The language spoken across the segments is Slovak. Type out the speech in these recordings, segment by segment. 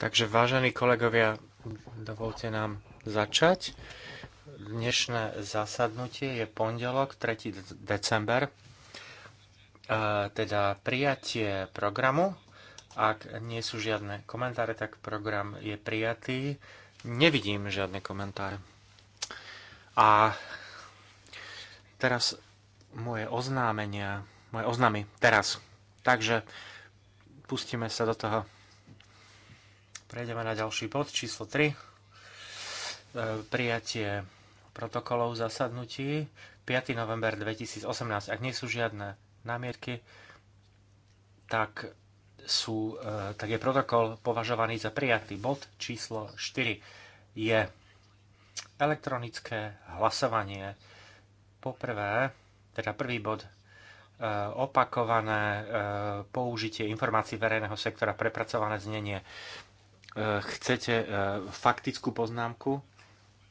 Takže vážení kolegovia, dovolte nám začať. Dnešné zasadnutie je pondelok, 3. december, teda prijatie programu. Ak nie sú žiadne komentáre, tak program je prijatý. Nevidím žiadne komentáre. A teraz moje oznámenia, moje oznámy teraz. Takže pustíme sa do toho. Prejdeme na ďalší bod, číslo 3. E, prijatie protokolov zasadnutí 5. november 2018. Ak nie sú žiadne námierky. tak, sú, e, tak je protokol považovaný za prijatý. Bod číslo 4 je elektronické hlasovanie. Poprvé, teda prvý bod E, opakované e, použitie informácií verejného sektora, prepracované znenie. E, chcete faktickú poznámku?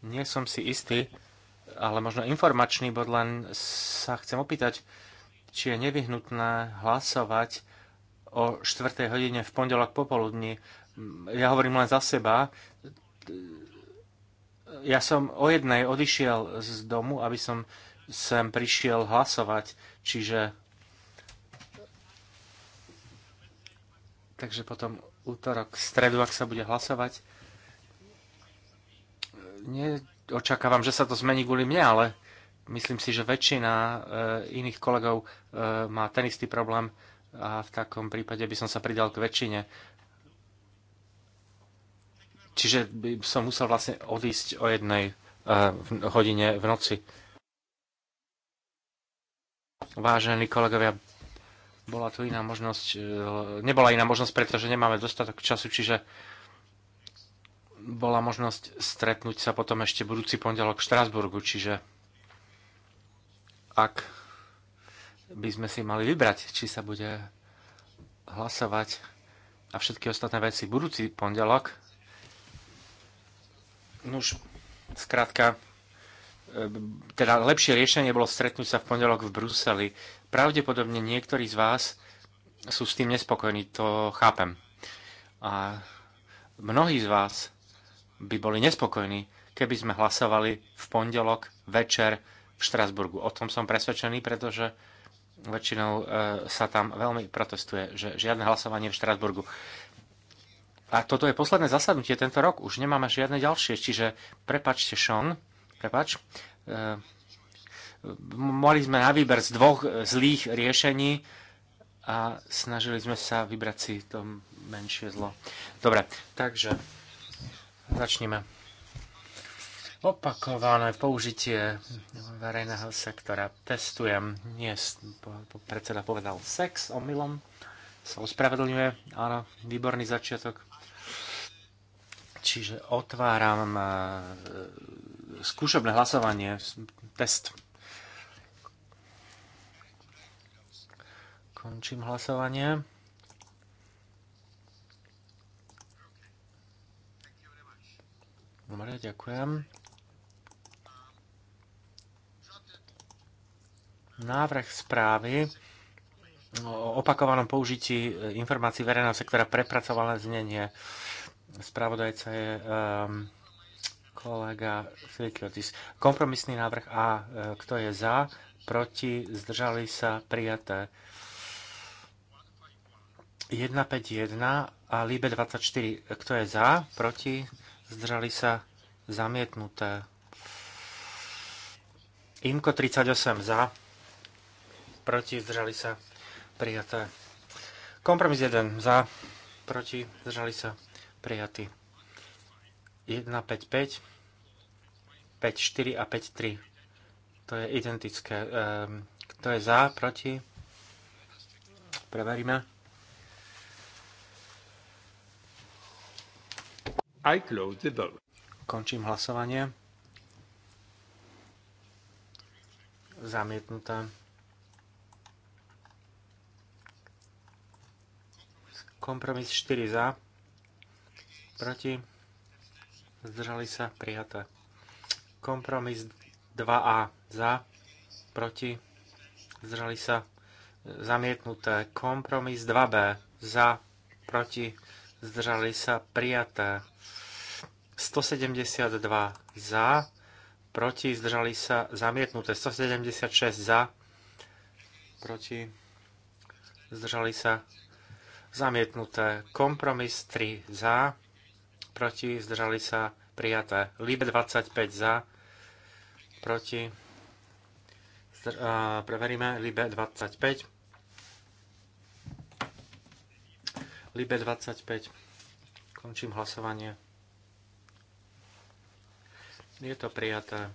Nie som si istý, ale možno informačný bod, len sa chcem opýtať, či je nevyhnutné hlasovať o 4. hodine v pondelok popoludní. Ja hovorím len za seba. Ja som o jednej odišiel z domu, aby som sem prišiel hlasovať, čiže takže potom útorok, stredu, ak sa bude hlasovať. Neočakávam, že sa to zmení kvôli mne, ale myslím si, že väčšina e, iných kolegov e, má ten istý problém a v takom prípade by som sa pridal k väčšine. Čiže by som musel vlastne odísť o jednej e, hodine v noci. Vážení kolegovia, bola tu iná možnosť, e, nebola iná možnosť, pretože nemáme dostatok času, čiže bola možnosť stretnúť sa potom ešte budúci pondelok v Štrásburgu, čiže ak by sme si mali vybrať, či sa bude hlasovať a všetky ostatné veci budúci pondelok. už, zkrátka, e, teda lepšie riešenie bolo stretnúť sa v pondelok v Bruseli. Pravdepodobne niektorí z vás sú s tým nespokojní, to chápem. A mnohí z vás by boli nespokojní, keby sme hlasovali v pondelok večer v Štrasburgu. O tom som presvedčený, pretože väčšinou e, sa tam veľmi protestuje, že žiadne hlasovanie v Štrasburgu. A toto je posledné zasadnutie tento rok, už nemáme žiadne ďalšie, čiže prepačte, Sean, prepač, e, Mali sme na výber z dvoch e, zlých riešení a snažili sme sa vybrať si to menšie zlo. Dobre, takže začneme. Opakované použitie verejného sektora. Testujem. Nie, predseda povedal sex omylom. Sa ospravedlňuje. Áno, výborný začiatok. Čiže otváram e, e, skúšobné hlasovanie, test. Končím hlasovanie. Dobre, ďakujem. Návrh správy o opakovanom použití informácií verejného sektora prepracované znenie. Spravodajca je um, kolega Filikotis. Kompromisný návrh A. E, kto je za? Proti? Zdržali sa? Prijaté. 151 a Libe 24. Kto je za? Proti? Zdržali sa? Zamietnuté. Imko 38 za. Proti? Zdržali sa? Prijaté. Kompromis 1 za. Proti? Zdržali sa? Prijatý. 1, 5, 5. 5, 4 a 5, 3. To je identické. Ehm, kto je za? Proti? Preveríme. I close the vote. Končím hlasovanie. Zamietnuté. Kompromis 4 za. Proti. Zdržali sa. Prijaté. Kompromis 2A za. Proti. Zdržali sa. Zamietnuté. Kompromis 2B za. Proti zdržali sa prijaté. 172 za, proti, zdržali sa zamietnuté. 176 za, proti, zdržali sa zamietnuté. Kompromis 3 za, proti, zdržali sa prijaté. Líbe 25 za, proti, zdr- uh, preveríme líbe 25. Libe 25. Končím hlasovanie. Je to prijaté.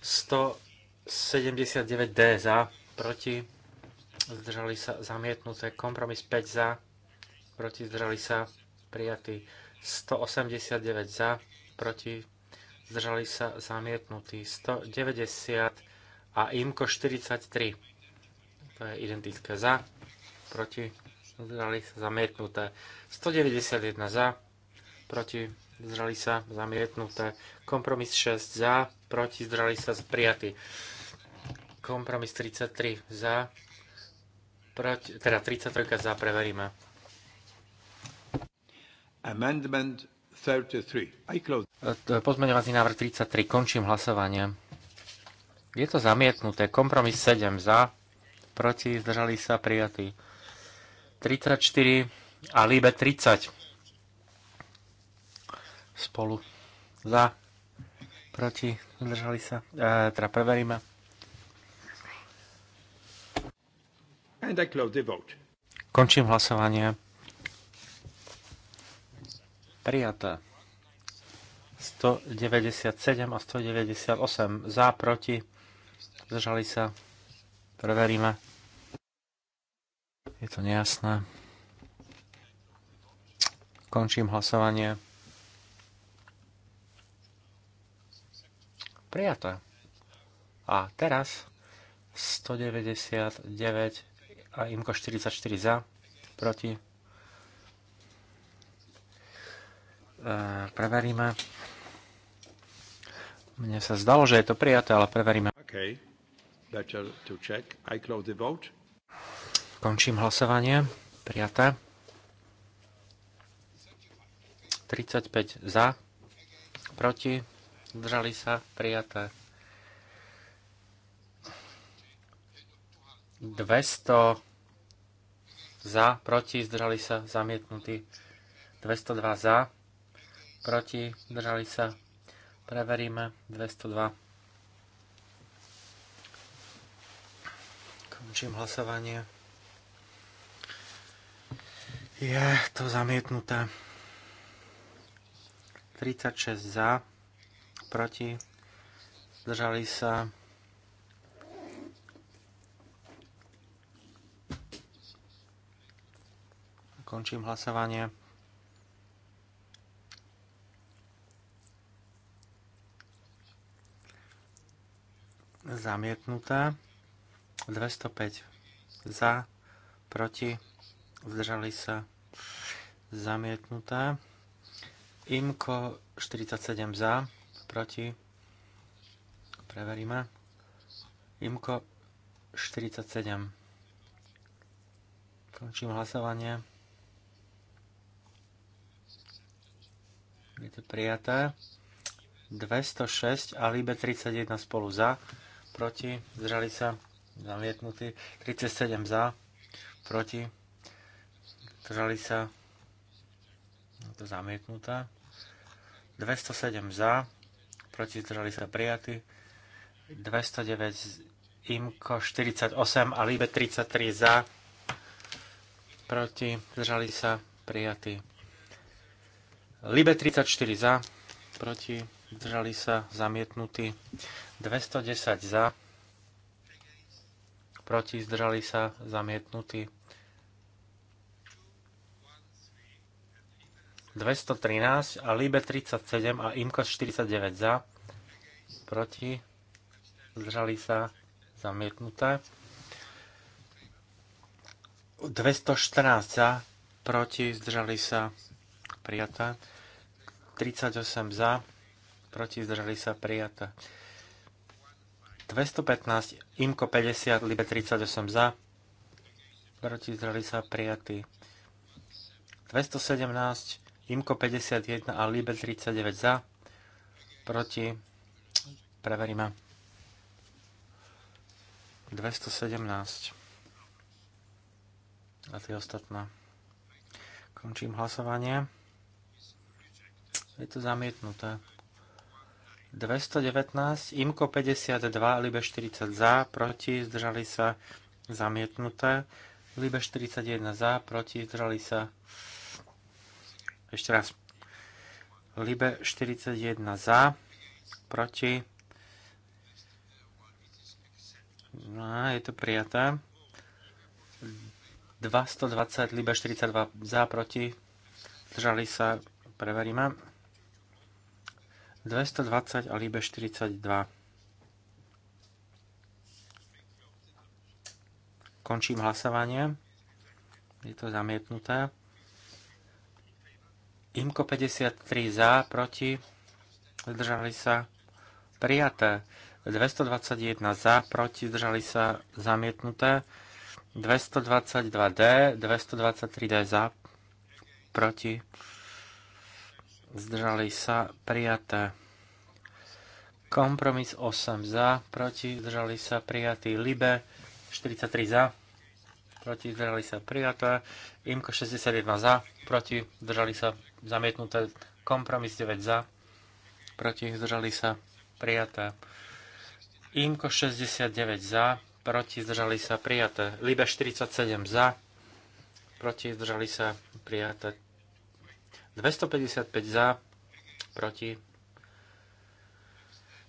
179D za, proti, zdržali sa zamietnuté. Kompromis 5 za, proti, zdržali sa prijatý. 189 za, proti, zdržali sa zamietnutí. 190 a IMKO 43. To je identické za, proti, Zdrali sa zamietnuté. 191 za, proti zdržali sa zamietnuté. Kompromis 6 za, proti zdržali sa prijatý. Kompromis 33 za, proti, teda 33 za, preveríme. Amendment 33. I close. E, pozmeňovací návrh 33. Končím hlasovanie. Je to zamietnuté. Kompromis 7 za, proti, zdržali sa prijatý. 34 a Líbe 30 spolu za, proti, držali sa, e, teda preveríme. And I close the vote. Končím hlasovanie. Prijaté. 197 a 198 za, proti, zdržali sa, preveríme. Je to nejasné. Končím hlasovanie. Prijaté. A teraz 199 a imko 44 za, proti. E, preveríme. Mne sa zdalo, že je to prijaté, ale preveríme. Okay. Better to check. I close the vote. Končím hlasovanie. Prijaté. 35 za, proti, zdržali sa, prijaté. 200 za, proti, zdržali sa, zamietnutí. 202 za, proti, zdržali sa. Preveríme. 202. Končím hlasovanie. Je to zamietnuté. 36 za, proti, zdržali sa. Končím hlasovanie. Zamietnuté. 205 za, proti, zdržali sa zamietnuté. Imko 47 za, proti, preveríme. Imko 47. Končím hlasovanie. Je to prijaté. 206 a Libe 31 spolu za, proti, zdržali sa, zamietnutí, 37 za, proti, Zdržali sa. Je to zamietnutá. 207 za. Proti zdržali sa prijatí. 209 IMKO 48 a LIBE 33 za. Proti zdržali sa prijatí. LIBE 34 za. Proti zdržali sa zamietnutí. 210 za proti zdržali sa zamietnutí. 213 a Libe 37 a Imko 49 za, proti, zdržali sa, zamietnuté. 214 za, proti, zdržali sa, prijaté. 38 za, proti, zdržali sa, prijaté. 215, Imko 50, Libe 38 za, proti, zdržali sa, prijatí 217, Imko 51 a Libe 39 za. Proti. Preveríme. 217. A tie ostatné. Končím hlasovanie. Je to zamietnuté. 219, IMKO 52, LIBE 40 za, proti, zdržali sa zamietnuté, LIBE 41 za, proti, zdržali sa ešte raz. Libe 41 za, proti. No, je to prijaté. 220, Libe 42 za, proti. Držali sa, preveríme. 220 a Libe 42. Končím hlasovanie. Je to zamietnuté. Imko 53 za, proti, zdržali sa, prijaté. 221 za, proti, zdržali sa, zamietnuté. 222D, 223D za, proti, zdržali sa, prijaté. Kompromis 8 za, proti, zdržali sa, prijatý. Libe 43 za, proti, zdržali sa, prijaté. Imko 61 za, proti, zdržali sa, Zamietnuté. Kompromis 9 za. Proti. Zdržali sa. Prijaté. Imko 69 za. Proti. Zdržali sa. Prijaté. Libe 47 za. Proti. Zdržali sa. Prijaté. 255 za. Proti.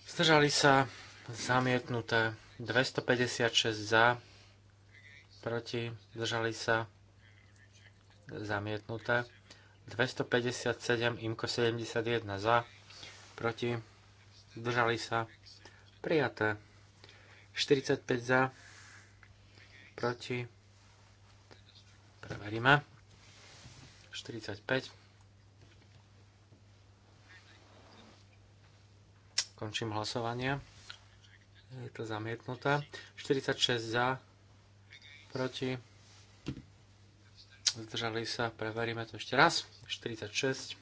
Zdržali sa. Zamietnuté. 256 za. Proti. Zdržali sa. Zamietnuté. 257, IMKO 71 za, proti, zdržali sa, prijaté. 45 za, proti, preveríme. 45. Končím hlasovanie. Je to zamietnuté. 46 za, proti, zdržali sa, preveríme to ešte raz. 46.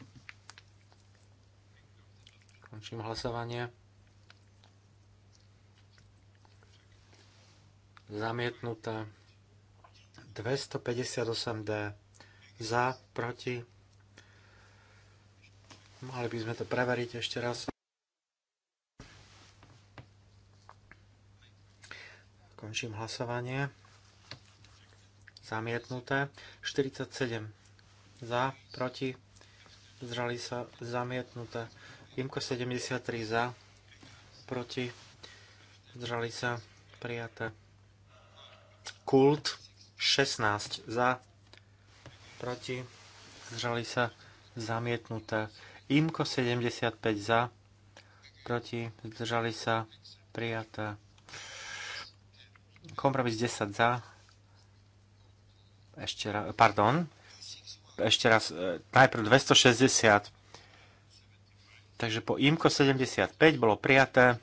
Končím hlasovanie. Zamietnuté. 258D za, proti. Mali by sme to preveriť ešte raz. Končím hlasovanie. Zamietnuté. 47 za, proti, zdržali sa zamietnuté. Imko 73 za, proti, zdržali sa prijaté. Kult 16 za, proti, zdržali sa zamietnuté. Imko 75 za, proti, zdržali sa prijaté. Kompromis 10 za, ešte raz, pardon, ešte raz, e, najprv 260, takže po IMKO 75 bolo prijaté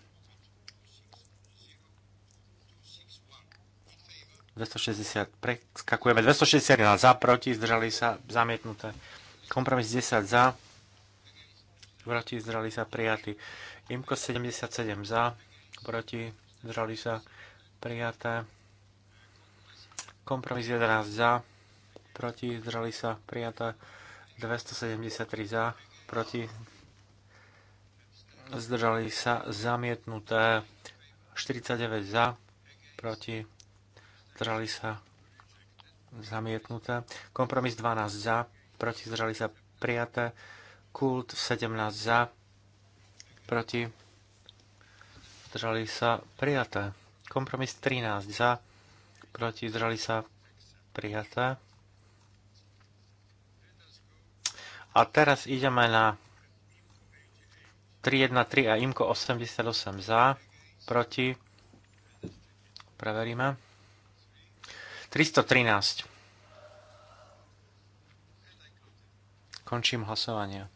260, preskakujeme 261 za, proti, zdržali sa, zamietnuté. Kompromis 10 za, proti, zdržali sa, prijatý. Imko 77 za, proti, zdržali sa, prijaté. Kompromis 11 za, proti, zdrali sa prijatá 273 za, proti, zdržali sa zamietnuté 49 za, proti, zdrali sa zamietnuté. Kompromis 12 za, proti zdrali sa prijaté. Kult 17 za, proti zdržali sa prijaté. Kompromis 13 za, proti zdržali sa prijaté. A teraz ideme na 313 a IMKO 88 za, proti, preveríme, 313. Končím hlasovanie.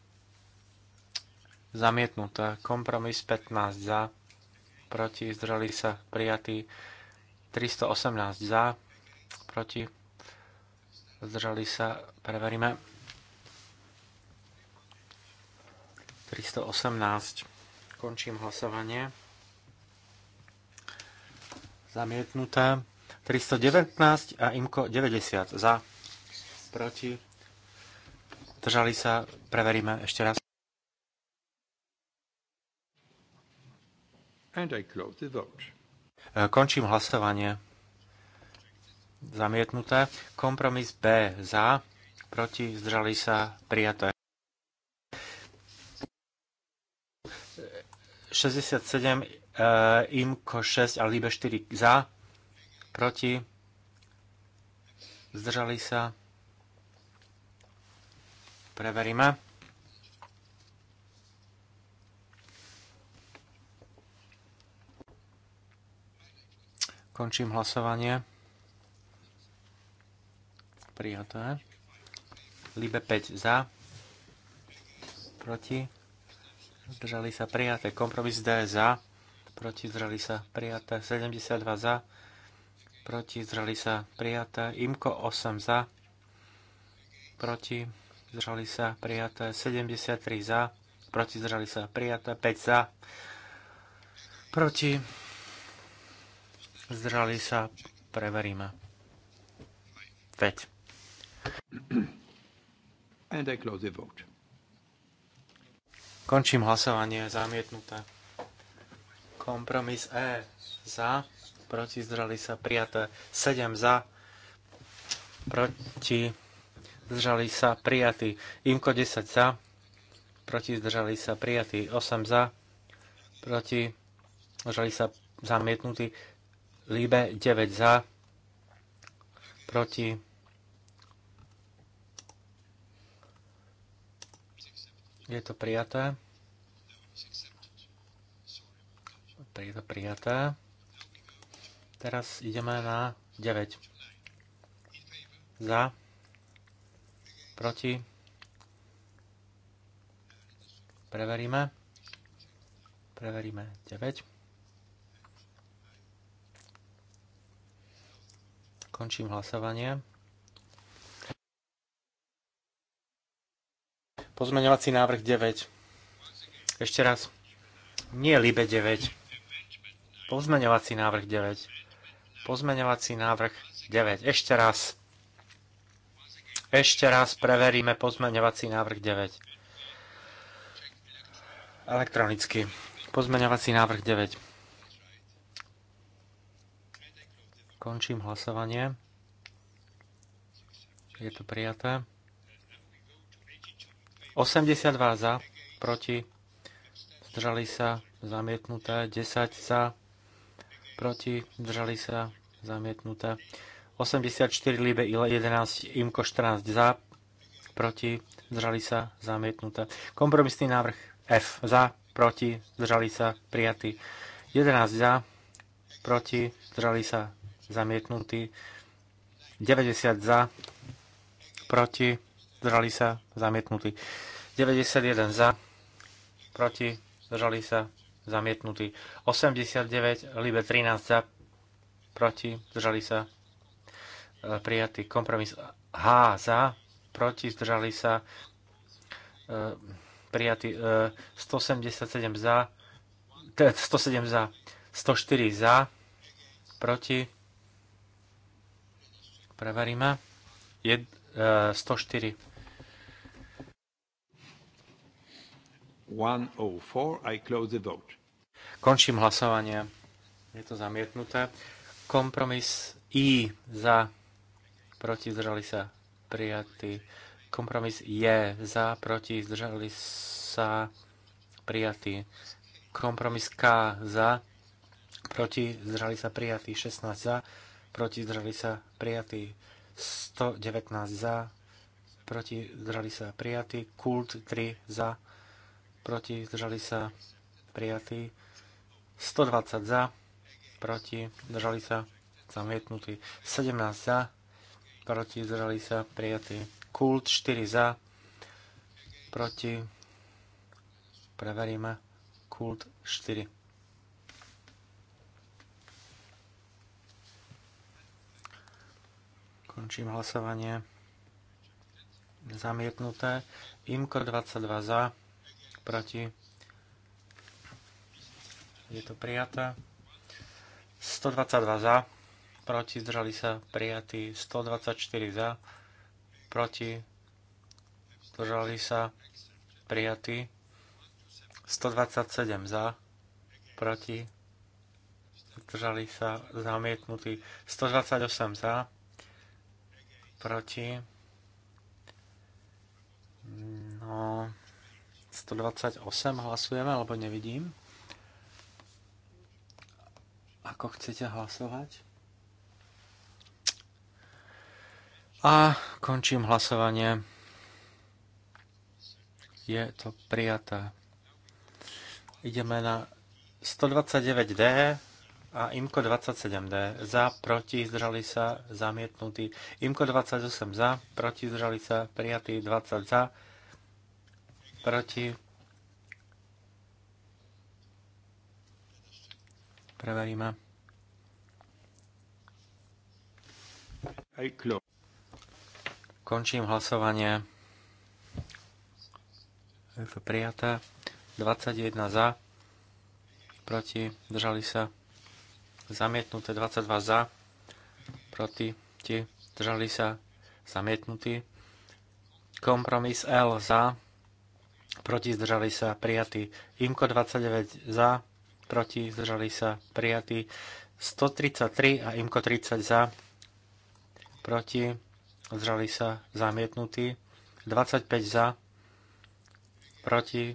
Zamietnuté. Kompromis 15 za. Proti. zdrali sa. Prijatý. 318 za. Proti. zdrali sa. Preveríme. 318. Končím hlasovanie. Zamietnuté. 319 a IMKO 90. Za. Proti. Držali sa. Preveríme ešte raz. And I close the vote. E, končím hlasovanie. Zamietnuté. Kompromis B za, proti, zdržali sa, prijaté. 67, eh, IMKO 6 a LIBE 4 za, proti, zdržali sa. Preveríme. Končím hlasovanie. Prijaté. Libe 5 za. Proti zdržali sa prijaté. Kompromis D za, proti zdržali sa prijaté. 72 za, proti zdržali sa prijaté. Imko 8 za, proti zdržali sa prijaté. 73 za, proti zdržali sa prijaté. 5 za, proti zdržali sa preveríme. 5. And I close the vote. Končím hlasovanie. Zamietnuté. Kompromis E. Za. Proti zdržali sa prijaté. 7 za. Proti zdržali sa prijatí. Imko 10 za. Proti zdržali sa prijatí. 8 za. Proti zdrali sa zamietnutí. Líbe 9 za. Proti Je to prijaté. tak je to prijaté. Teraz ideme na 9. Za, proti, preveríme, preveríme 9. Končím hlasovanie. Pozmeňovací návrh 9. Ešte raz. Nie Libe 9. Pozmeňovací návrh 9. Pozmeňovací návrh 9. Ešte raz. Ešte raz preveríme pozmeňovací návrh 9. Elektronicky. Pozmeňovací návrh 9. Končím hlasovanie. Je to prijaté. 82 za, proti, zdržali sa, zamietnuté, 10 za, proti, zdržali sa, zamietnuté. 84 Libe 11, Imko 14 za, proti, zdržali sa, zamietnuté. Kompromisný návrh F za, proti, zdržali sa, prijatý. 11 za, proti, zdržali sa, zamietnutý. 90 za, proti, zdržali sa, zamietnutý. 91 za, proti, zdržali sa, zamietnutý. 89, Libe 13 za, proti, zdržali sa, e, prijatý. Kompromis H za, proti, zdržali sa, e, prijatý. 177 e, za, 107 za, 104 za, proti, preveríme, 104. 104. I close the vote. Končím hlasovanie. Je to zamietnuté. Kompromis I za, proti, zdržali sa, prijatý. Kompromis je za, proti, zdržali sa, prijatý. Kompromis K za, proti, zdržali sa, prijatý. 16 za, proti, zdržali sa, prijatý. 119 za, proti, zdržali sa, prijatý. Kult 3 za, proti, zdržali sa, prijatý. 120 za, proti, držali sa, zamietnutí, 17 za, proti, držali sa, prijatý. Kult 4 za, proti, preveríme, kult 4. Končím hlasovanie. Zamietnuté. Imko 22 za, proti, je to prijatá. 122 za, proti, zdržali sa, prijatí. 124 za, proti, zdržali sa, prijatí. 127 za, proti, zdržali sa, zamietnutí. 128 za, proti, no, 128 hlasujeme, alebo nevidím. Ako chcete hlasovať? A končím hlasovanie. Je to prijaté. Ideme na 129D a IMKO 27D. Za, proti, zdrali sa, zamietnutý. IMKO 28 za, proti, zdrali sa, prijatý 20 za, proti, Preveríme. Končím hlasovanie. Je to prijaté. 21 za, proti, držali sa. Zamietnuté 22 za, proti, ti, držali sa. Zamietnutý. Kompromis L za, proti, zdržali sa, prijatý. Imko 29 za, proti, zdržali sa prijatí 133 a IMKO 30 za, proti, zdržali sa zamietnutí 25 za, proti,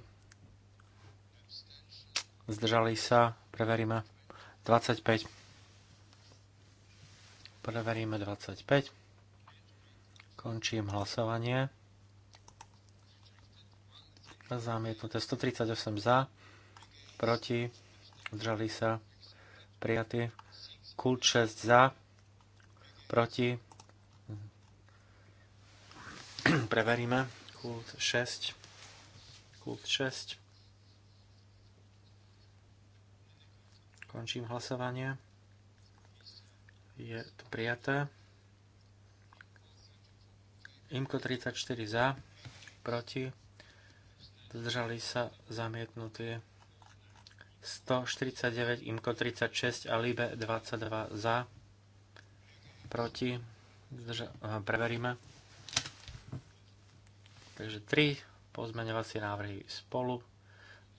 zdržali sa, preveríme 25. Preveríme 25. Končím hlasovanie. Zamietnuté 138 za, proti Zdrali sa, prijatý. Kult 6 za, proti. Preveríme. Kult 6. Kult 6. Končím hlasovanie. Je to prijaté. Imko 34 za, proti. Zdržali sa zamietnutie. 149, IMKO 36 a LIBE 22 za, proti, zdrža- preveríme. Takže 3 pozmeňovacie návrhy spolu.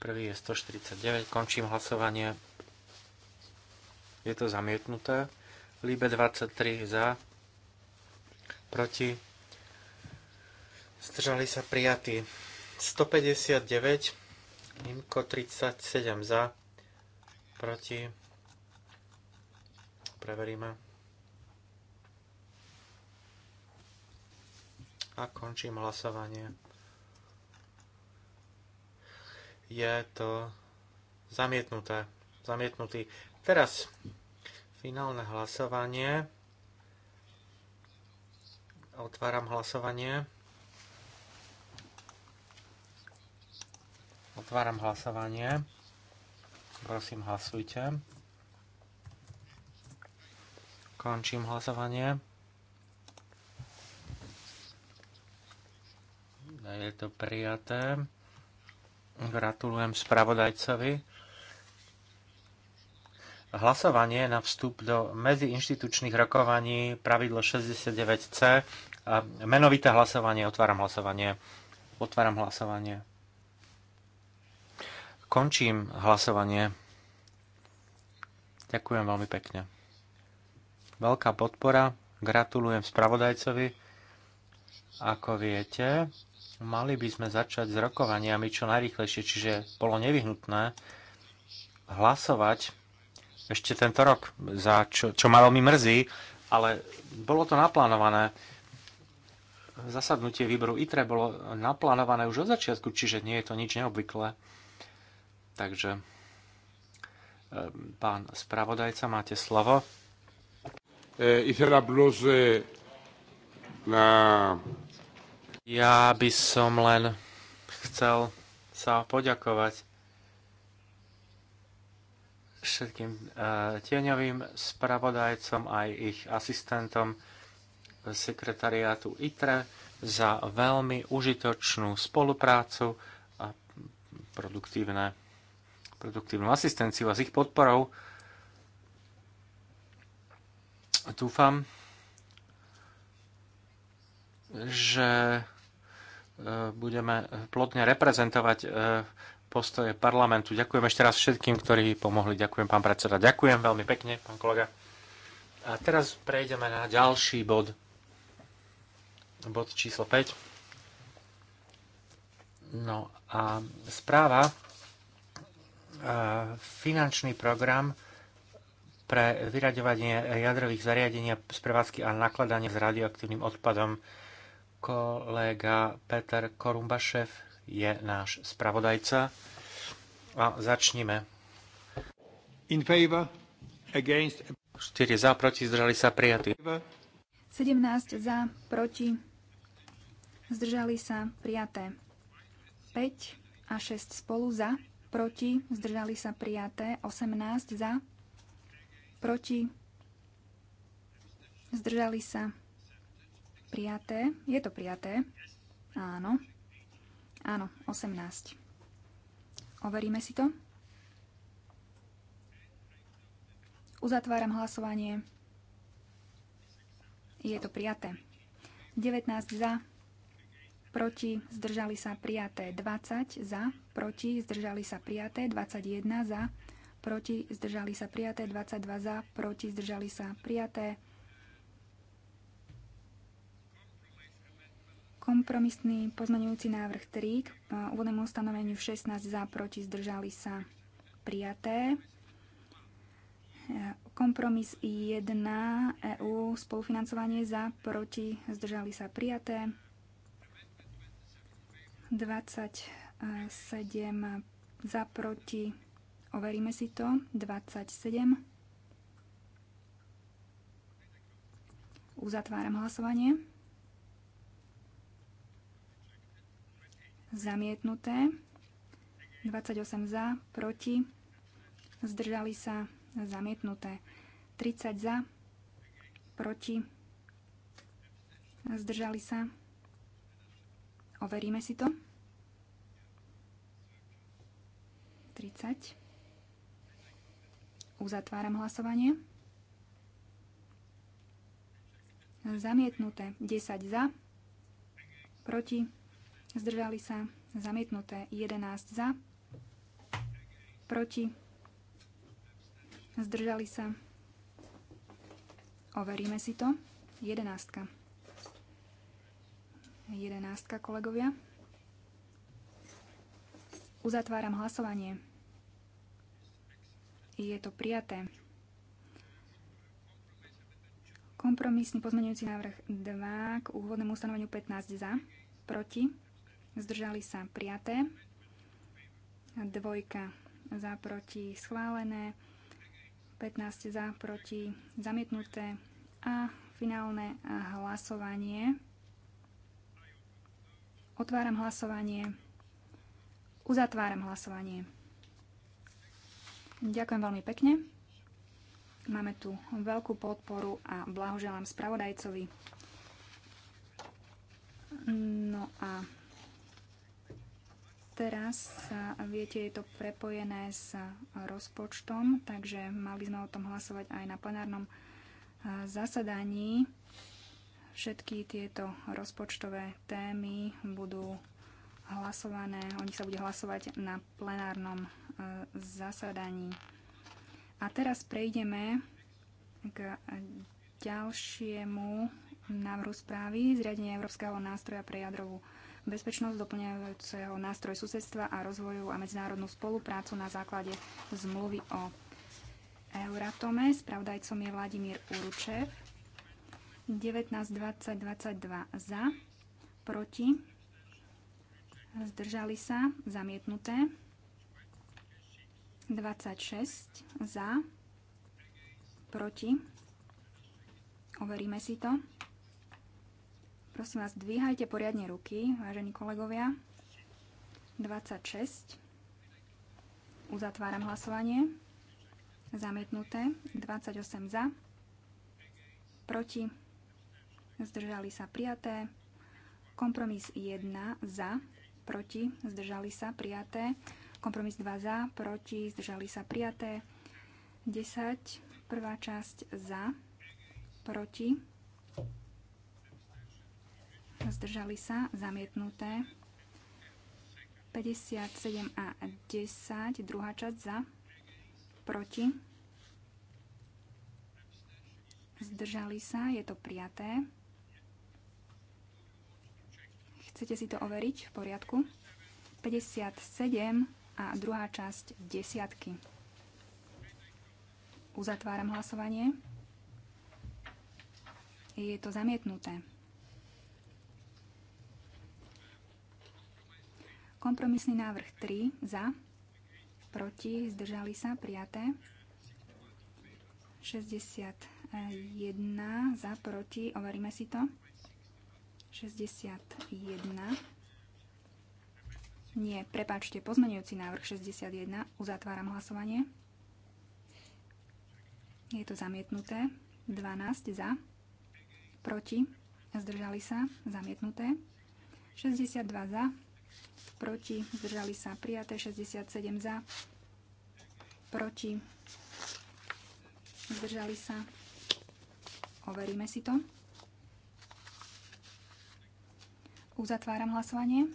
Prvý je 149, končím hlasovanie. Je to zamietnuté. Líbe 23 za, proti. Zdržali sa prijatí. 159 Imko 37 za, proti, preveríme. A končím hlasovanie. Je to zamietnuté. Zamietnutý. Teraz finálne hlasovanie. Otváram hlasovanie. Otváram hlasovanie. Prosím, hlasujte. Končím hlasovanie. No, je to prijaté. Gratulujem spravodajcovi. Hlasovanie na vstup do medziinštitučných rokovaní pravidlo 69c. Menovité hlasovanie. Otváram hlasovanie. Otváram hlasovanie. Končím hlasovanie. Ďakujem veľmi pekne. Veľká podpora. Gratulujem spravodajcovi. Ako viete, mali by sme začať s rokovaniami čo najrychlejšie, čiže bolo nevyhnutné hlasovať ešte tento rok, za čo, čo ma veľmi mrzí, ale bolo to naplánované. Zasadnutie výboru ITRE bolo naplánované už od začiatku, čiže nie je to nič neobvyklé. Takže e, pán spravodajca, máte slovo. E, ja by som len chcel sa poďakovať všetkým e, tieňovým spravodajcom aj ich asistentom sekretariátu ITRE za veľmi užitočnú spoluprácu a produktívne produktívnu asistenciu a s ich podporou dúfam, že e, budeme plodne reprezentovať e, postoje parlamentu. Ďakujem ešte raz všetkým, ktorí pomohli. Ďakujem, pán predseda. Ďakujem veľmi pekne, pán kolega. A teraz prejdeme na ďalší bod. Bod číslo 5. No a správa finančný program pre vyraďovanie jadrových zariadení a sprevádzky a nakladanie s radioaktívnym odpadom. Kolega Peter Korumbašev je náš spravodajca. A začnime. In favor, against... 4 za, proti, zdržali sa prijatí. 17 za, proti, zdržali sa prijaté. 5 a 6 spolu za, proti, zdržali sa prijaté, 18 za, proti, zdržali sa prijaté, je to prijaté, áno, áno, 18. Overíme si to. Uzatváram hlasovanie. Je to prijaté. 19 za, proti, zdržali sa prijaté 20 za, proti, zdržali sa prijaté 21 za, proti, zdržali sa prijaté 22 za, proti, zdržali sa prijaté. Kompromisný pozmeňujúci návrh 3 k e, úvodnému ustanoveniu 16 za, proti, zdržali sa prijaté. E, kompromis 1 EU spolufinancovanie za, proti, zdržali sa prijaté. 27 za proti, overíme si to, 27. Uzatváram hlasovanie. Zamietnuté. 28 za, proti, zdržali sa, zamietnuté. 30 za, proti, zdržali sa, zamietnuté. Overíme si to. 30. Uzatváram hlasovanie. Zamietnuté 10 za, proti, zdržali sa, zamietnuté 11 za, proti, zdržali sa. Overíme si to. 11 jedenáctka kolegovia. Uzatváram hlasovanie. Je to prijaté. Kompromisný pozmeňujúci návrh 2 k úvodnému ustanoveniu 15 za, proti, zdržali sa prijaté, dvojka za, proti, schválené, 15 za, proti, zamietnuté a finálne hlasovanie Otváram hlasovanie. Uzatváram hlasovanie. Ďakujem veľmi pekne. Máme tu veľkú podporu a blahoželám spravodajcovi. No a teraz, viete, je to prepojené s rozpočtom, takže mali sme o tom hlasovať aj na plenárnom zasadaní. Všetky tieto rozpočtové témy budú hlasované, oni sa bude hlasovať na plenárnom e, zasadaní. A teraz prejdeme k ďalšiemu návrhu správy zriadenie Európskeho nástroja pre jadrovú bezpečnosť doplňajúceho nástroj susedstva a rozvoju a medzinárodnú spoluprácu na základe zmluvy o Euratome. Spravdajcom je Vladimír Uručev. 19, 20, 22 za, proti, zdržali sa, zamietnuté. 26 za, proti, overíme si to. Prosím vás, dvíhajte poriadne ruky, vážení kolegovia. 26. Uzatváram hlasovanie. Zamietnuté. 28 za. Proti zdržali sa prijaté. Kompromis 1 za, proti, zdržali sa prijaté. Kompromis 2 za, proti, zdržali sa prijaté. 10, prvá časť za, proti, zdržali sa, zamietnuté. 57 a 10, druhá časť za, proti, zdržali sa, je to prijaté. Chcete si to overiť? V poriadku. 57 a druhá časť desiatky. Uzatváram hlasovanie. Je to zamietnuté. Kompromisný návrh 3 za, proti, zdržali sa, prijaté. 61 za, proti, overíme si to. 61. Nie, prepáčte, pozmenujúci návrh 61. Uzatváram hlasovanie. Je to zamietnuté. 12 za. Proti. Zdržali sa. Zamietnuté. 62 za. Proti. Zdržali sa. Prijaté. 67 za. Proti. Zdržali sa. Overíme si to. Uzatváram hlasovanie.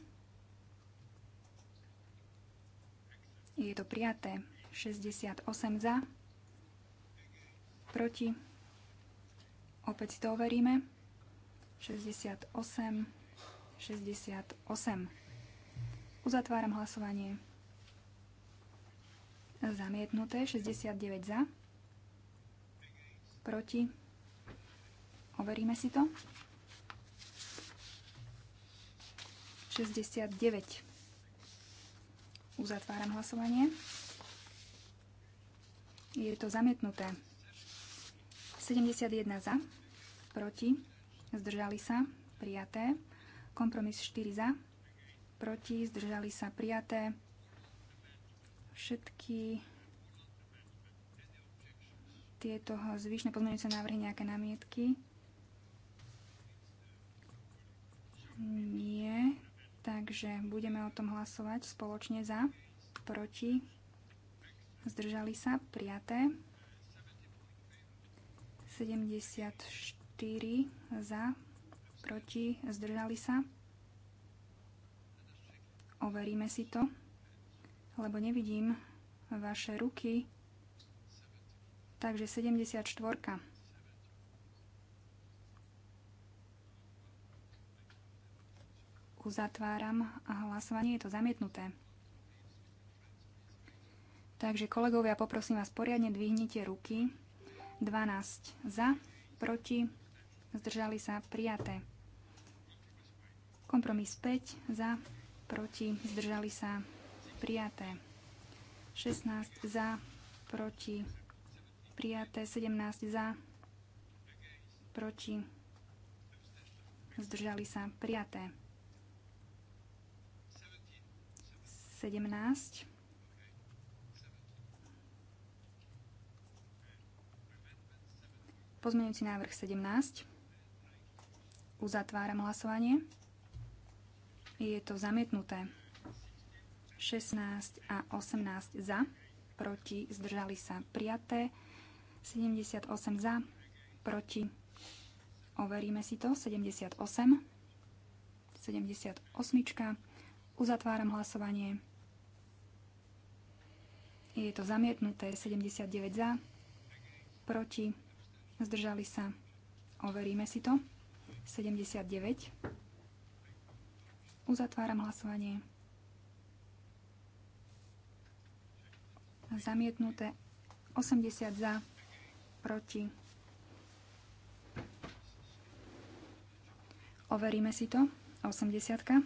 Je to prijaté. 68 za. Proti. Opäť si to overíme. 68. 68. Uzatváram hlasovanie. Zamietnuté. 69 za. Proti. Overíme si to. 69. Uzatváram hlasovanie. Je to zamietnuté. 71 za, proti, zdržali sa, prijaté. Kompromis 4 za, proti, zdržali sa, prijaté. Všetky tieto zvyšné pozmeňujúce návrhy nejaké námietky? Nie. Takže budeme o tom hlasovať spoločne za, proti, zdržali sa, prijaté. 74 za, proti, zdržali sa. Overíme si to, lebo nevidím vaše ruky. Takže 74. Uzatváram a hlasovanie je to zamietnuté. Takže kolegovia, poprosím vás, poriadne dvihnite ruky. 12 za, proti, zdržali sa, prijaté. Kompromis 5 za, proti, zdržali sa, prijaté. 16 za, proti, prijaté. 17 za, proti, zdržali sa, prijaté. 17. Pozmeňujúci návrh 17. Uzatváram hlasovanie. Je to zamietnuté. 16 a 18 za, proti, zdržali sa prijaté. 78 za, proti. Overíme si to. 78. 78. Uzatváram hlasovanie. Je to zamietnuté 79 za, proti, zdržali sa. Overíme si to. 79. Uzatváram hlasovanie. Zamietnuté 80 za, proti. Overíme si to. 80. -ka.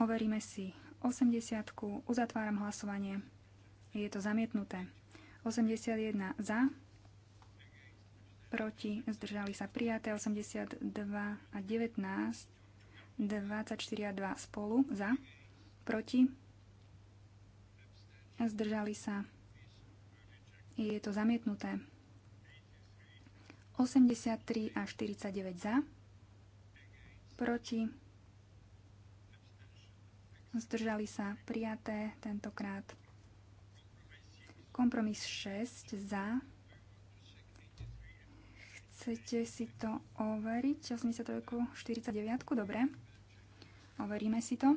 Overíme si 80. Uzatváram hlasovanie. Je to zamietnuté. 81 za, proti, zdržali sa prijaté, 82 a 19, 24 a 2 spolu, za, proti, zdržali sa, je to zamietnuté, 83 a 49 za, proti, zdržali sa prijaté tentokrát. Kompromis 6 za. Chcete si to overiť? 83, 49, dobre. Overíme si to.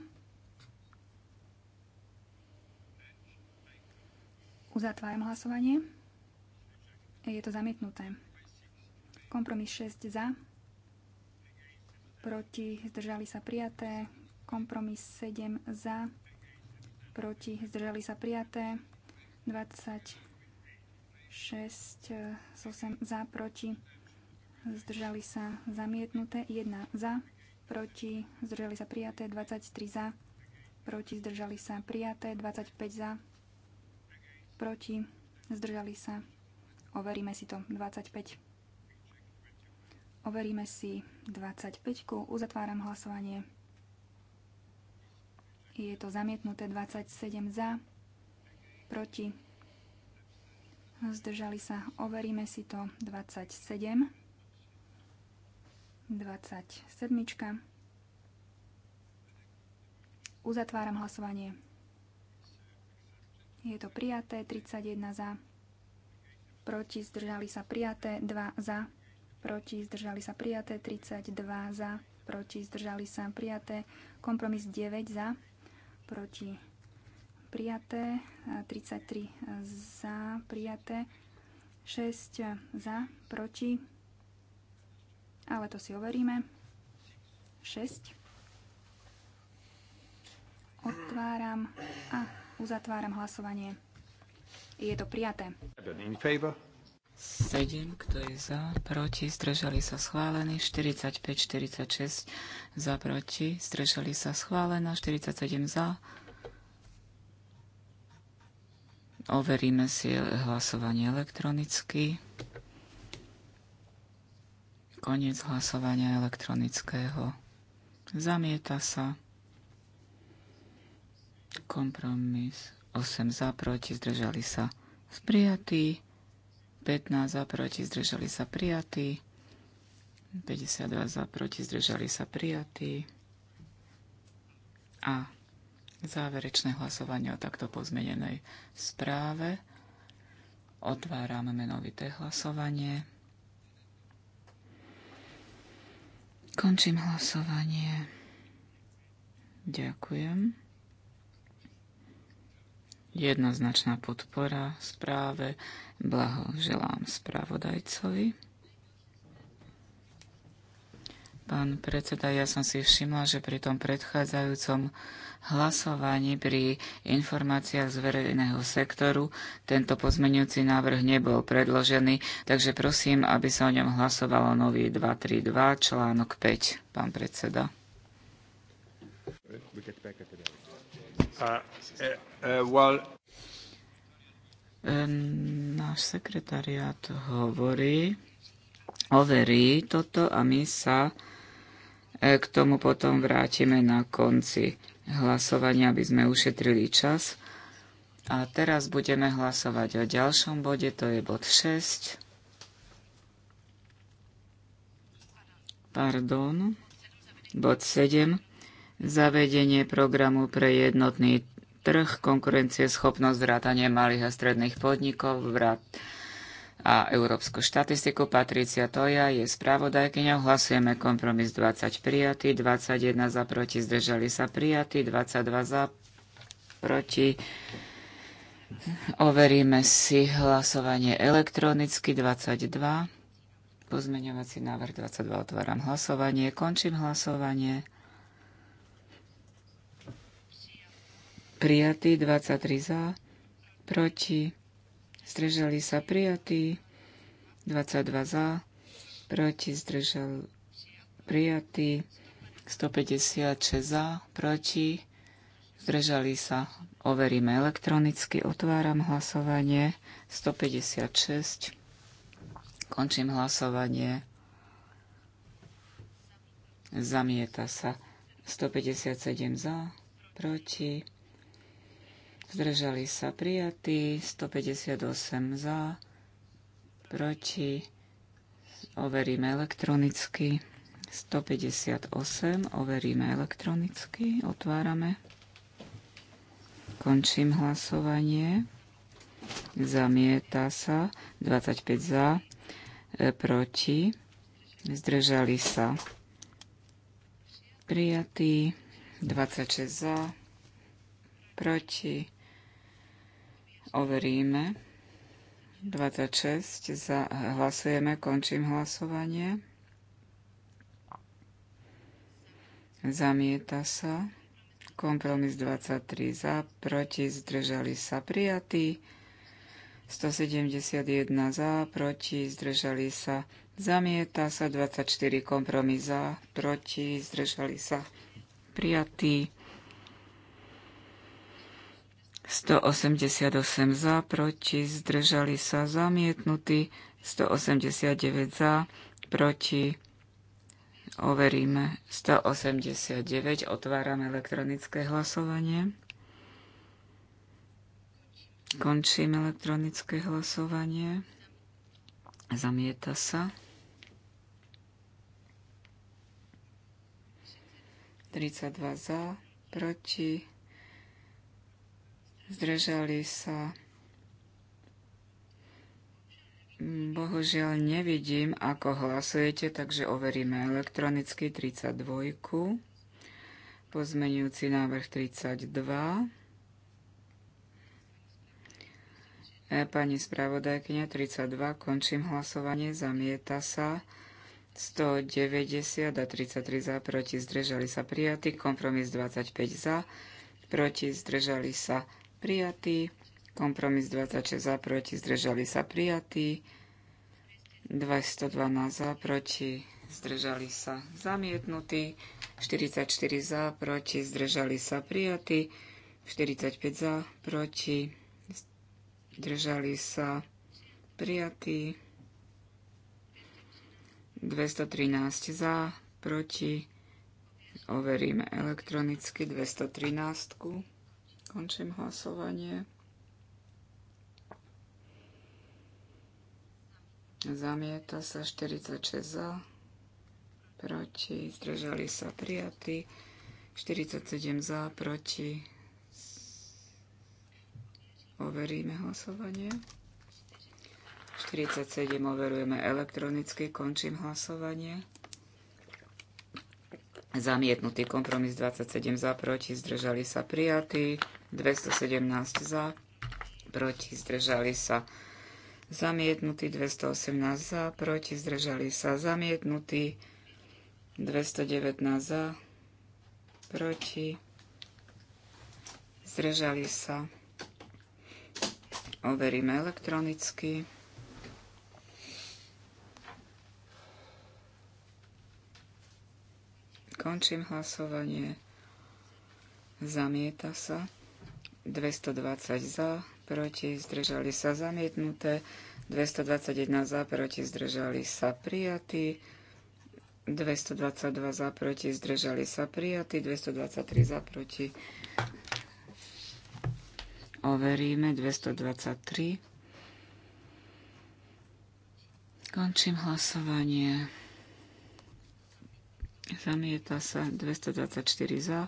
Uzatváram hlasovanie. Je to zamietnuté. Kompromis 6 za. Proti zdržali sa prijaté. Kompromis 7 za, proti, zdržali sa prijaté. 26 8 e, za, proti, zdržali sa zamietnuté. 1 za, proti, zdržali sa prijaté. 23 za, proti, zdržali sa prijaté. 25 za, proti, zdržali sa. Overíme si to. 25. Overíme si 25. Uzatváram hlasovanie. Je to zamietnuté 27 za, proti. Zdržali sa, overíme si to 27. 27. Uzatváram hlasovanie. Je to prijaté 31 za, proti, zdržali sa prijaté 2 za, proti, zdržali sa prijaté 32 za, proti, zdržali sa prijaté kompromis 9 za proti prijaté, 33 za prijaté, 6 za proti, ale to si overíme, 6. Otváram a uzatváram hlasovanie. Je to prijaté. In favor. 7, kto je za, proti, zdržali sa schválený, 45, 46 za, proti, zdržali sa schválená, 47 za. Overíme si hlasovanie elektronicky. Koniec hlasovania elektronického. Zamieta sa. Kompromis 8 za, proti, zdržali sa. Sprijatý. 15 za, proti, zdržali sa prijatí. 52 za, proti, zdržali sa prijatí. A záverečné hlasovanie o takto pozmenenej správe. Otváram menovité hlasovanie. Končím hlasovanie. Ďakujem jednoznačná podpora správe. Blahoželám spravodajcovi. Pán predseda, ja som si všimla, že pri tom predchádzajúcom hlasovaní pri informáciách z verejného sektoru tento pozmenujúci návrh nebol predložený, takže prosím, aby sa o ňom hlasovalo nový 232, článok 5, pán predseda. E, e, e, náš sekretariat hovorí, overí toto a my sa k tomu potom vrátime na konci hlasovania, aby sme ušetrili čas. A teraz budeme hlasovať o ďalšom bode, to je bod 6. Pardon, bod 7 zavedenie programu pre jednotný trh, konkurencieschopnosť, vrátanie malých a stredných podnikov, vrát a európsku štatistiku. Patricia Toja je spravodajkyňou. Hlasujeme kompromis 20 prijatý, 21 za proti, zdržali sa prijatí, 22 za proti. Overíme si hlasovanie elektronicky 22. Pozmeňovací návrh 22 otváram hlasovanie. Končím hlasovanie. prijatý, 23 za, proti, zdržali sa prijatí, 22 za, proti, zdržal prijatý, 156 za, proti, zdržali sa. Overíme elektronicky, otváram hlasovanie, 156, končím hlasovanie, zamieta sa, 157 za, proti, zdržali sa prijatí, 158 za, proti, overíme elektronicky, 158, overíme elektronicky, otvárame, končím hlasovanie, zamieta sa, 25 za, e, proti, zdržali sa prijatí, 26 za, proti, Overíme. 26. Za, hlasujeme. Končím hlasovanie. Zamieta sa. Kompromis 23 za, proti, zdržali sa prijatí. 171 za, proti, zdržali sa. Zamieta sa 24 kompromis za, proti, zdržali sa prijatí. 188 za, proti, zdržali sa zamietnutí, 189 za, proti, overíme 189, otváram elektronické hlasovanie. Končím elektronické hlasovanie. Zamieta sa. 32 za, proti zdržali sa. Bohužiaľ nevidím, ako hlasujete, takže overíme elektronicky 32, pozmenujúci návrh 32. E, pani spravodajkňa 32, končím hlasovanie, zamieta sa 190 a 33 za, proti zdržali sa prijatý, kompromis 25 za, proti zdržali sa prijatý. Kompromis 26 za, proti, zdržali sa prijatý. 212 za, proti, zdržali sa zamietnutý. 44 za, proti, zdržali sa prijatí. 45 za, proti, zdržali sa prijatí. 213 za, proti, overíme elektronicky 213. -ku. Končím hlasovanie. Zamieta sa 46 za, proti, zdržali sa prijatí, 47 za, proti. Overíme hlasovanie. 47 overujeme elektronicky, končím hlasovanie. Zamietnutý kompromis 27 za, proti, zdržali sa prijatí. 217 za, proti, zdržali sa zamietnutý. 218 za, proti, zdržali sa zamietnutý. 219 za, proti, zdržali sa. Overíme elektronicky. Končím hlasovanie. Zamieta sa. 220 za, proti, zdržali sa zamietnuté. 221 za, proti, zdržali sa prijatí. 222 za, proti, zdržali sa prijatí. 223 za, proti. Overíme 223. Končím hlasovanie. Zamieta sa 224 za,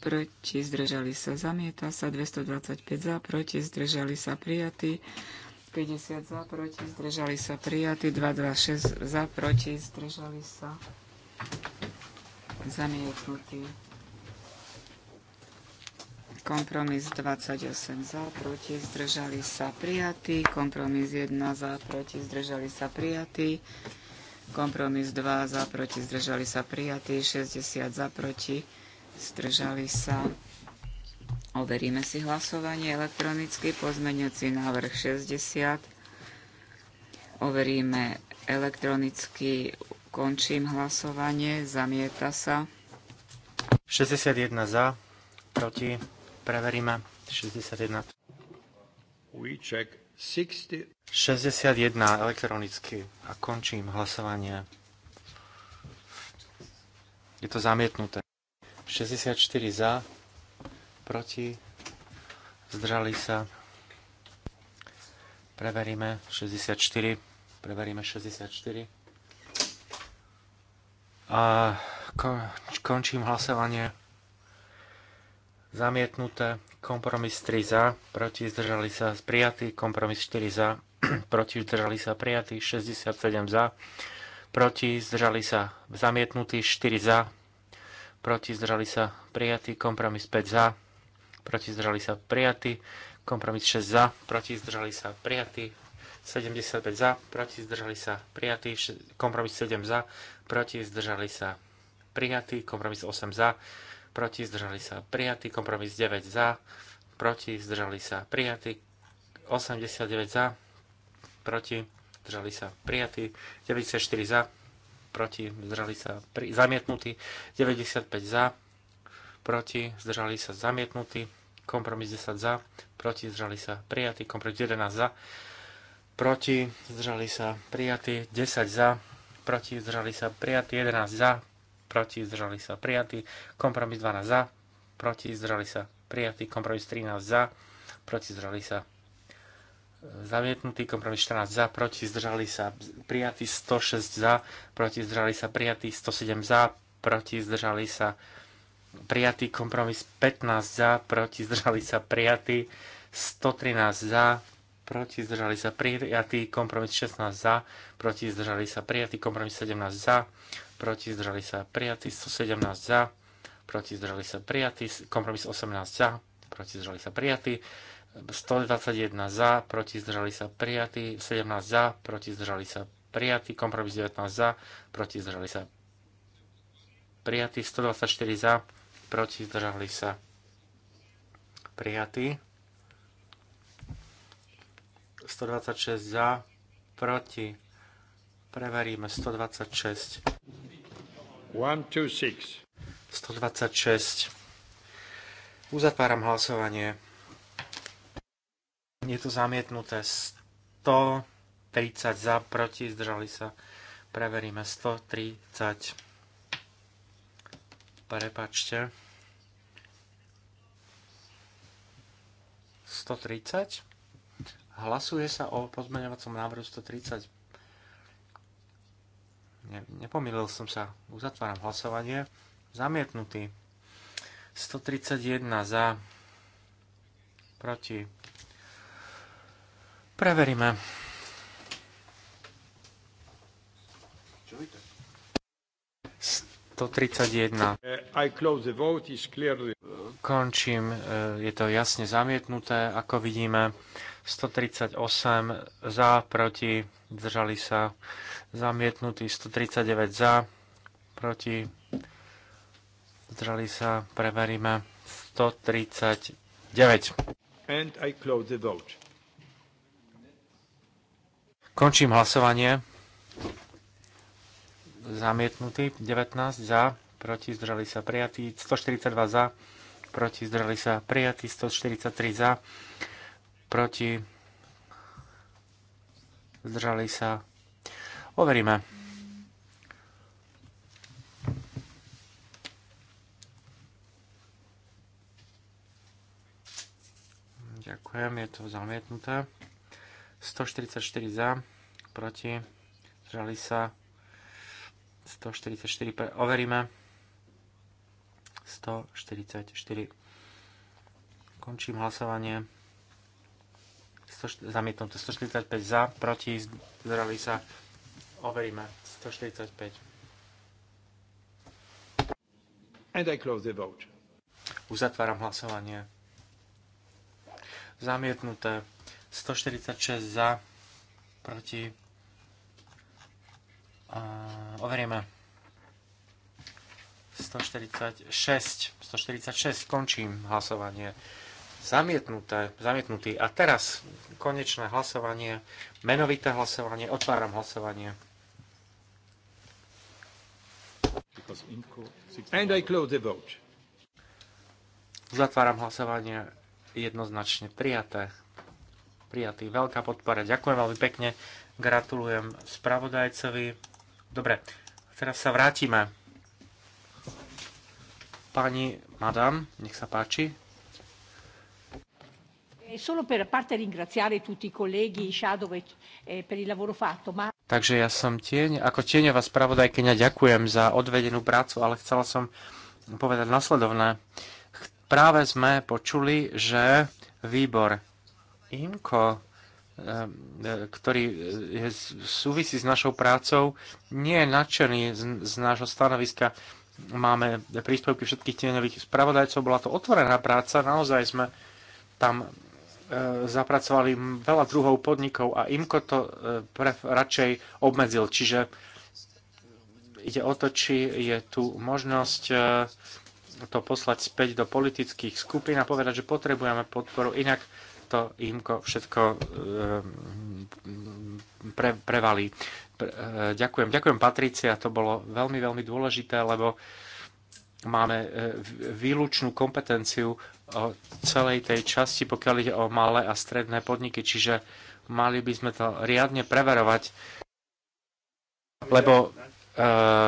proti, zdržali sa. Zamieta sa 225 za, proti, zdržali sa. prijatí, 50 za, proti, zdržali sa. prijatí. 226 za, proti, zdržali sa. zamietnutí. Kompromis 28 za, proti, zdržali sa. prijatí, Kompromis 1 za, proti, zdržali sa. prijatí. Kompromis 2 za, proti, zdržali sa prijatí. 60 za, proti, zdržali sa. Overíme si hlasovanie elektronicky. Pozmeňujúci návrh 60. Overíme elektronicky. Končím hlasovanie. Zamieta sa. 61 za, proti, preveríme. 61. We check 61 elektronicky a končím hlasovanie. Je to zamietnuté. 64 za, proti, zdržali sa. Preveríme 64. Preveríme 64. A končím hlasovanie. Zamietnuté. Kompromis 3 za, proti zdržali sa prijatý. Kompromis 4 za, proti zdržali sa prijatý. 67 za, proti zdržali sa zamietnutý. 4 za, proti zdržali sa prijatý. Kompromis 5 za, proti zdržali sa prijatý. Kompromis 6 za, proti zdržali sa prijatý. 75 za, proti zdržali sa prijatý. Kompromis 7 za, proti zdržali sa prijatý. Kompromis 8 za, proti, zdržali sa prijatý, kompromis 9 za, proti, zdržali sa prijatí, 89 za, proti, zdržali sa prijatí, 94 za, proti, zdržali sa pri, zamietnutí, 95 za, proti, zdržali sa zamietnutí, kompromis 10 za, proti, zdržali sa prijatý, kompromis 11 za, proti, zdržali sa prijatý, 10 za, proti, zdržali sa prijatý, 11 za, proti, zdržali sa prijatý, Kompromis 12 za, proti, zdržali sa prijatý, Kompromis 13 za, proti, zdržali sa zamietnutý. Kompromis 14 za, proti, zdržali sa prijatí. 106 za, proti, zdržali sa prijatý. 107 za, proti, zdržali sa prijatý. Kompromis 15 za, proti, zdržali sa prijatí. 113 za, proti, zdržali sa prijatý kompromis 16 za, proti, zdržali sa prijatý kompromis 17 za, proti zdržali sa prijatí, 117 za, proti zdržali sa prijatí, kompromis 18 za, proti zdržali sa prijatí, 121 za, proti zdržali sa prijatí, 17 za, proti zdržali sa prijatí, kompromis 19 za, proti zdržali sa prijatí, 124 za, proti zdržali sa prijatí, 126 za, proti, preveríme 126. 126. Uzatváram hlasovanie. Je to zamietnuté 130 za, proti, zdržali sa. Preveríme 130. Prepačte. 130. Hlasuje sa o pozmeňovacom návrhu 130 Ne, nepomýlil som sa. Uzatváram hlasovanie. Zamietnutý. 131 za. Proti. Preveríme. Čo je to? 131. Končím, e, je to jasne zamietnuté, ako vidíme. 138 za, proti, zdržali sa zamietnutí, 139 za, proti, zdržali sa, preveríme, 139. And I close the vote. Končím hlasovanie. Zamietnutý, 19 za, proti, zdržali sa prijatí, 142 za, proti, zdržali sa prijatí, 143 za, proti, zdržali sa. Overíme. Ďakujem, je to zamietnuté. 144 za, proti, zdržali sa. 144 pre, overíme. 144. Končím hlasovanie zamietnuté 145 za, proti, zdrali sa, overíme 145. And I close the vote. Uzatváram hlasovanie. Zamietnuté 146 za, proti, uh, overíme 146, 146, končím hlasovanie. Zamietnuté, zamietnutý. A teraz konečné hlasovanie, menovité hlasovanie, otváram hlasovanie. And I close the vote. Zatváram hlasovanie jednoznačne prijaté. Prijatý. Veľká podpora. Ďakujem veľmi pekne. Gratulujem spravodajcovi. Dobre, teraz sa vrátime. Pani, madam, nech sa páči. Eh, e, eh, Takže ja som tieň, ako tieňová spravodajkyňa ďakujem za odvedenú prácu, ale chcela som povedať nasledovné. Práve sme počuli, že výbor IMCO eh, ktorý je, súvisí s našou prácou, nie je nadšený z, z nášho stanoviska. Máme príspevky všetkých tieňových spravodajcov, bola to otvorená práca, naozaj sme tam zapracovali veľa druhov podnikov a IMCO to e, radšej obmedzil. Čiže ide o to, či je tu možnosť e, to poslať späť do politických skupín a povedať, že potrebujeme podporu, inak to IMCO všetko e, pre, prevalí. ďakujem. Ďakujem, Patricia, to bolo veľmi, veľmi dôležité, lebo máme výlučnú kompetenciu o celej tej časti, pokiaľ ide o malé a stredné podniky, čiže mali by sme to riadne preverovať, lebo e,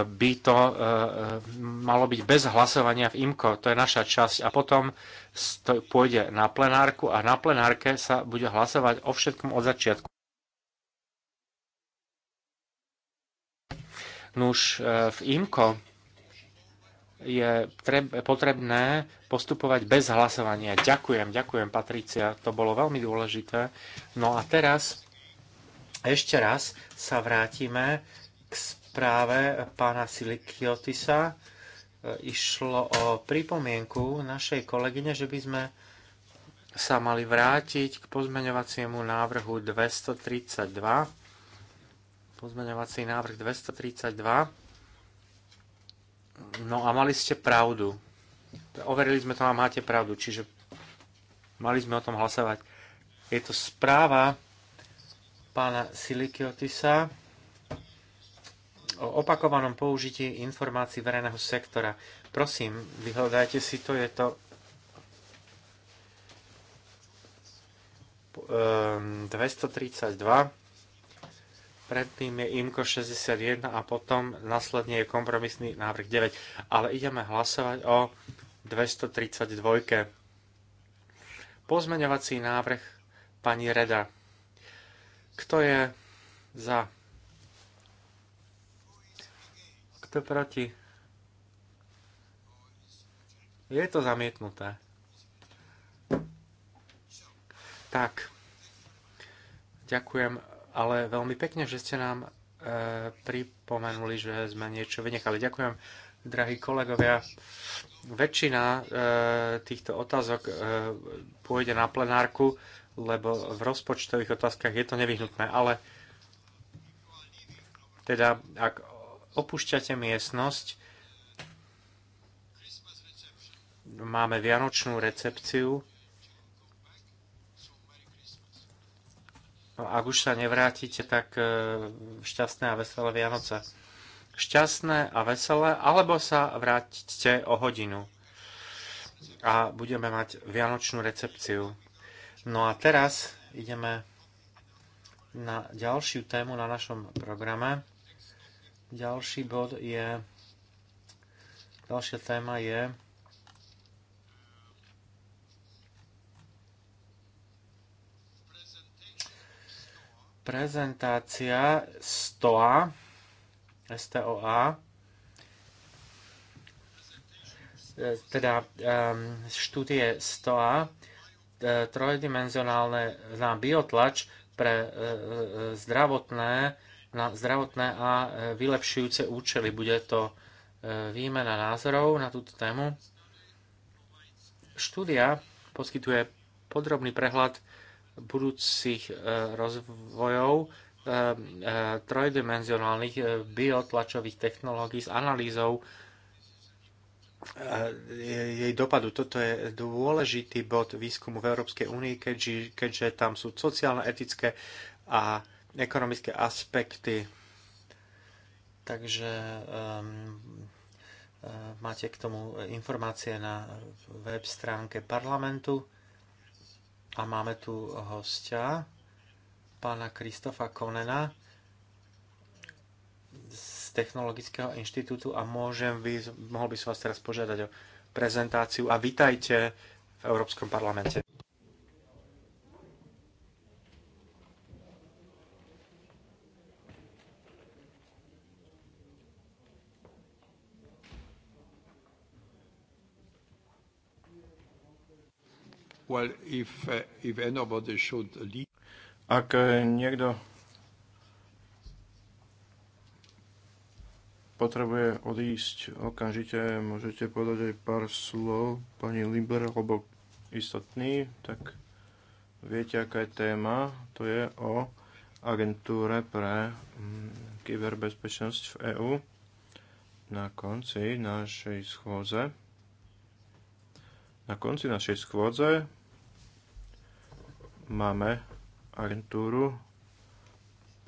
by to e, malo byť bez hlasovania v IMKO, to je naša časť, a potom pôjde na plenárku a na plenárke sa bude hlasovať o všetkom od začiatku. Nuž e, v IMKO je potrebné postupovať bez hlasovania. Ďakujem, ďakujem, Patricia, to bolo veľmi dôležité. No a teraz ešte raz sa vrátime k správe pána Silikiotisa. E, išlo o pripomienku našej kolegyne, že by sme sa mali vrátiť k pozmeňovaciemu návrhu 232. Pozmeňovací návrh 232 No a mali ste pravdu. Overili sme to a máte pravdu, čiže mali sme o tom hlasovať. Je to správa pána Silikiotisa o opakovanom použití informácií verejného sektora. Prosím, vyhľadajte si to, je to 232 ehm, predtým je IMKO 61 a potom následne je kompromisný návrh 9. Ale ideme hlasovať o 232. Pozmeňovací návrh pani Reda. Kto je za? Kto proti? Je to zamietnuté. Tak. Ďakujem ale veľmi pekne, že ste nám e, pripomenuli, že sme niečo vynechali. Ďakujem, drahí kolegovia. Väčšina e, týchto otázok e, pôjde na plenárku, lebo v rozpočtových otázkach je to nevyhnutné, ale teda, ak opúšťate miestnosť, máme vianočnú recepciu, No, ak už sa nevrátite, tak e, šťastné a veselé Vianoce. Šťastné a veselé, alebo sa vráťte o hodinu a budeme mať vianočnú recepciu. No a teraz ideme na ďalšiu tému na našom programe. Ďalší bod je, ďalšia téma je Prezentácia STOA, STOA, e, teda štúdie STOA, e, trojdimenzionálne na biotlač pre e, zdravotné, na zdravotné a vylepšujúce účely. Bude to výmena názorov na túto tému. Štúdia poskytuje podrobný prehľad budúcich e, rozvojov e, e, trojdimenzionálnych biotlačových technológií s analýzou jej dopadu. Toto je dôležitý bod výskumu v Európskej únii, keďže, keďže tam sú sociálne, etické a ekonomické aspekty. Takže um, máte k tomu informácie na web stránke parlamentu. A máme tu hostia, pána Kristofa Konena z Technologického inštitútu a môžem, mohol by som vás teraz požiadať o prezentáciu a vítajte v Európskom parlamente. Uh, Ak uh, niekto potrebuje odísť okamžite, môžete povedať aj pár slov pani Liber, alebo istotný, tak viete, aká je téma. To je o agentúre pre mm, kyberbezpečnosť v EÚ. Na konci našej schôze na konci našej schôdze máme agentúru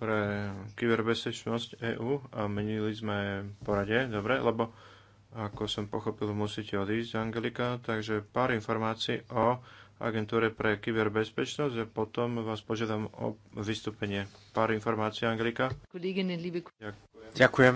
pre kyberbezpečnosť EÚ a menili sme poradie, dobre, lebo ako som pochopil, musíte odísť, Angelika, takže pár informácií o agentúre pre kyberbezpečnosť a potom vás požiadam o vystúpenie. Pár informácií, Angelika. Kolegyne, liebe... Ďakujem. Ďakujem.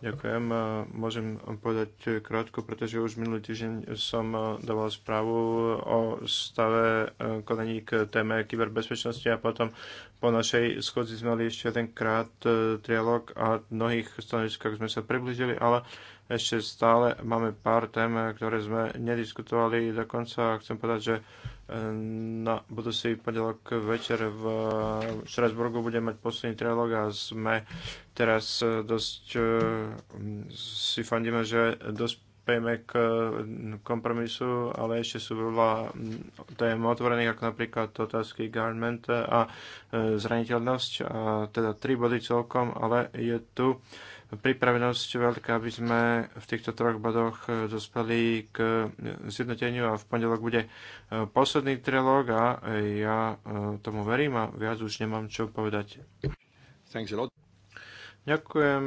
Ďakujem. E, môžem povedať krátko, pretože už minulý týždeň som e, dával správu e, o stave konaní k téme kyberbezpečnosti a potom po našej schodzi sme mali ešte jeden krát trialog a v mnohých stanoviskách sme sa približili, ale ešte stále máme pár tém, ktoré sme nediskutovali dokonca a chcem povedať, že na budúci pondelok večer v Štrasburgu budeme mať posledný trilog a sme teraz dosť e, si fandíme, že dospejeme k kompromisu, ale ešte sú veľa tém otvorených, ako napríklad otázky government a e, zraniteľnosť, a teda tri body celkom, ale je tu pripravenosť veľká, aby sme v týchto troch bodoch e, dospeli k e, zjednoteniu a v pondelok bude e, posledný trilóg a ja tomu verím a viac už nemám čo povedať. Ďakujem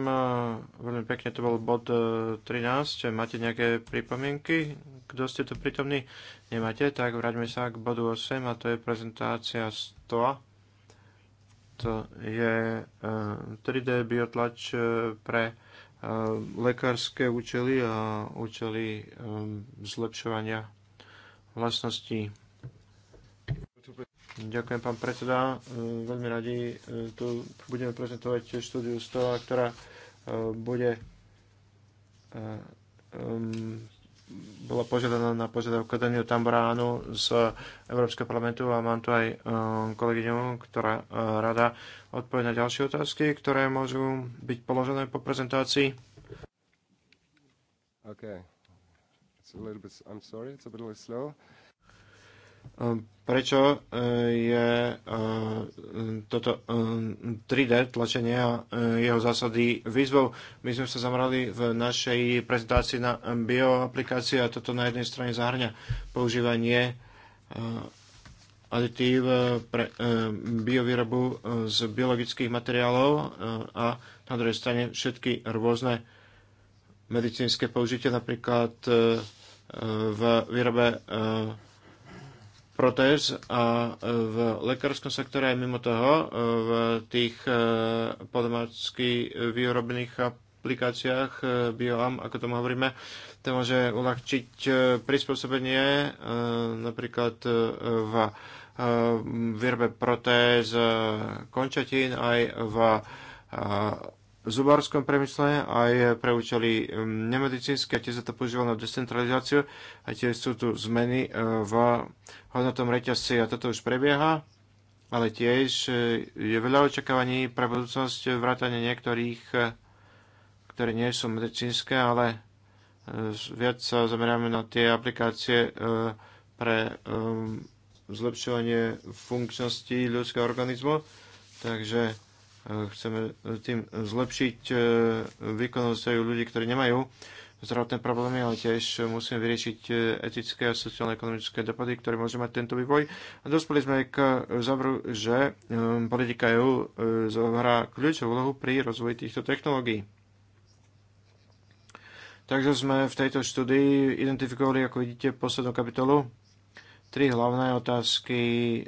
veľmi pekne, to bol bod 13. Máte nejaké pripomienky? Kto ste tu prítomní? Nemáte? Tak vráťme sa k bodu 8 a to je prezentácia 100 to je 3D e, biotlač e, pre e, lekárske účely a účely zlepšovania vlastností. Ďakujem, pán predseda. Veľmi radi tu budeme prezentovať štúdiu z toho, ktorá bude bolo požiadané na požiadavku Daniel Tamboránu z Európskeho parlamentu a mám tu aj um, kolegyňu, ktorá uh, rada odpovie na ďalšie otázky, ktoré môžu byť položené po prezentácii. Okay. It's a little bit, I'm sorry, it's a bit slow. Ehm, prečo e, je e, toto 3D e, tlačenie a jeho zásady výzvou. My sme sa zamrali v našej prezentácii na bioaplikácii a toto na jednej strane zahrňa používanie aditív pre biovýrobu z biologických materiálov a na druhej strane všetky rôzne medicínske použitie, napríklad v výrobe protéz a e, v lekárskom sektore aj mimo toho e, v tých e, podomácky vyrobených aplikáciách BioAM, ako tomu hovoríme, to môže uľahčiť prispôsobenie napríklad v výrobe protéz končatín aj v zubárskom premysle, aj pre účely mm, nemedicínske, tiež sa to používalo na decentralizáciu a tiež sú tu zmeny e, v hodnotom reťazci a toto už prebieha, ale tiež e, je veľa očakávaní pre budúcnosť vrátane niektorých, e, ktoré nie sú medicínske, ale viac sa zameráme na tie aplikácie pre zlepšovanie funkčnosti ľudského organizmu. Takže Eh, chceme tým zlepšiť eh, výkonnosť aj ľudí, ktorí nemajú zdravotné problémy, ale tiež musíme vyriešiť eh, etické a sociálne-ekonomické dopady, ktoré môže mať tento vývoj. A dospeli sme k záveru, že ehm, politika EU zohrá kľúčovú úlohu pri rozvoji týchto technológií. Takže sme v tejto štúdii identifikovali, ako vidíte, poslednú kapitolu tri hlavné otázky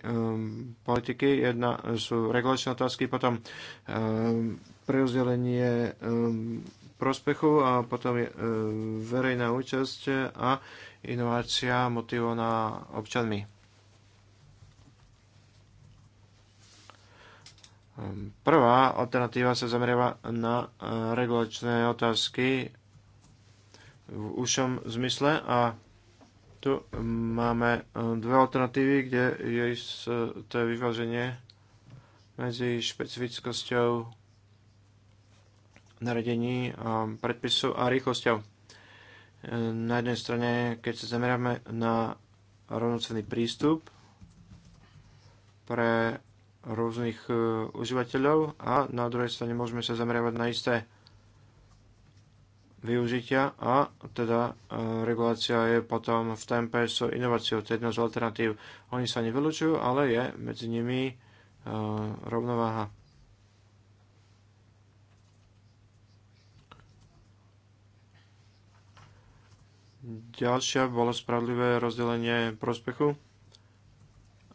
um, politiky. Jedna sú regulačné otázky, potom um, ehm, preozdelenie um, ehm, prospechu a potom je um, verejná účasť a inovácia motivovaná občanmi. Prvá alternatíva sa zameriava na regulačné otázky v ušom zmysle a tu máme e, dve alternatívy, kde je to je vyváženie medzi špecifickosťou naredení a predpisu a rýchlosťou. E, na jednej strane, keď sa zameráme na rovnocenný prístup pre rôznych e, užívateľov a na druhej strane môžeme sa zameriavať na isté využitia a teda e, regulácia je potom v tempe s inováciou, to je jedna z alternatív. Oni sa nevylučujú, ale je medzi nimi e, rovnováha. Ďalšia bolo spravodlivé rozdelenie prospechu.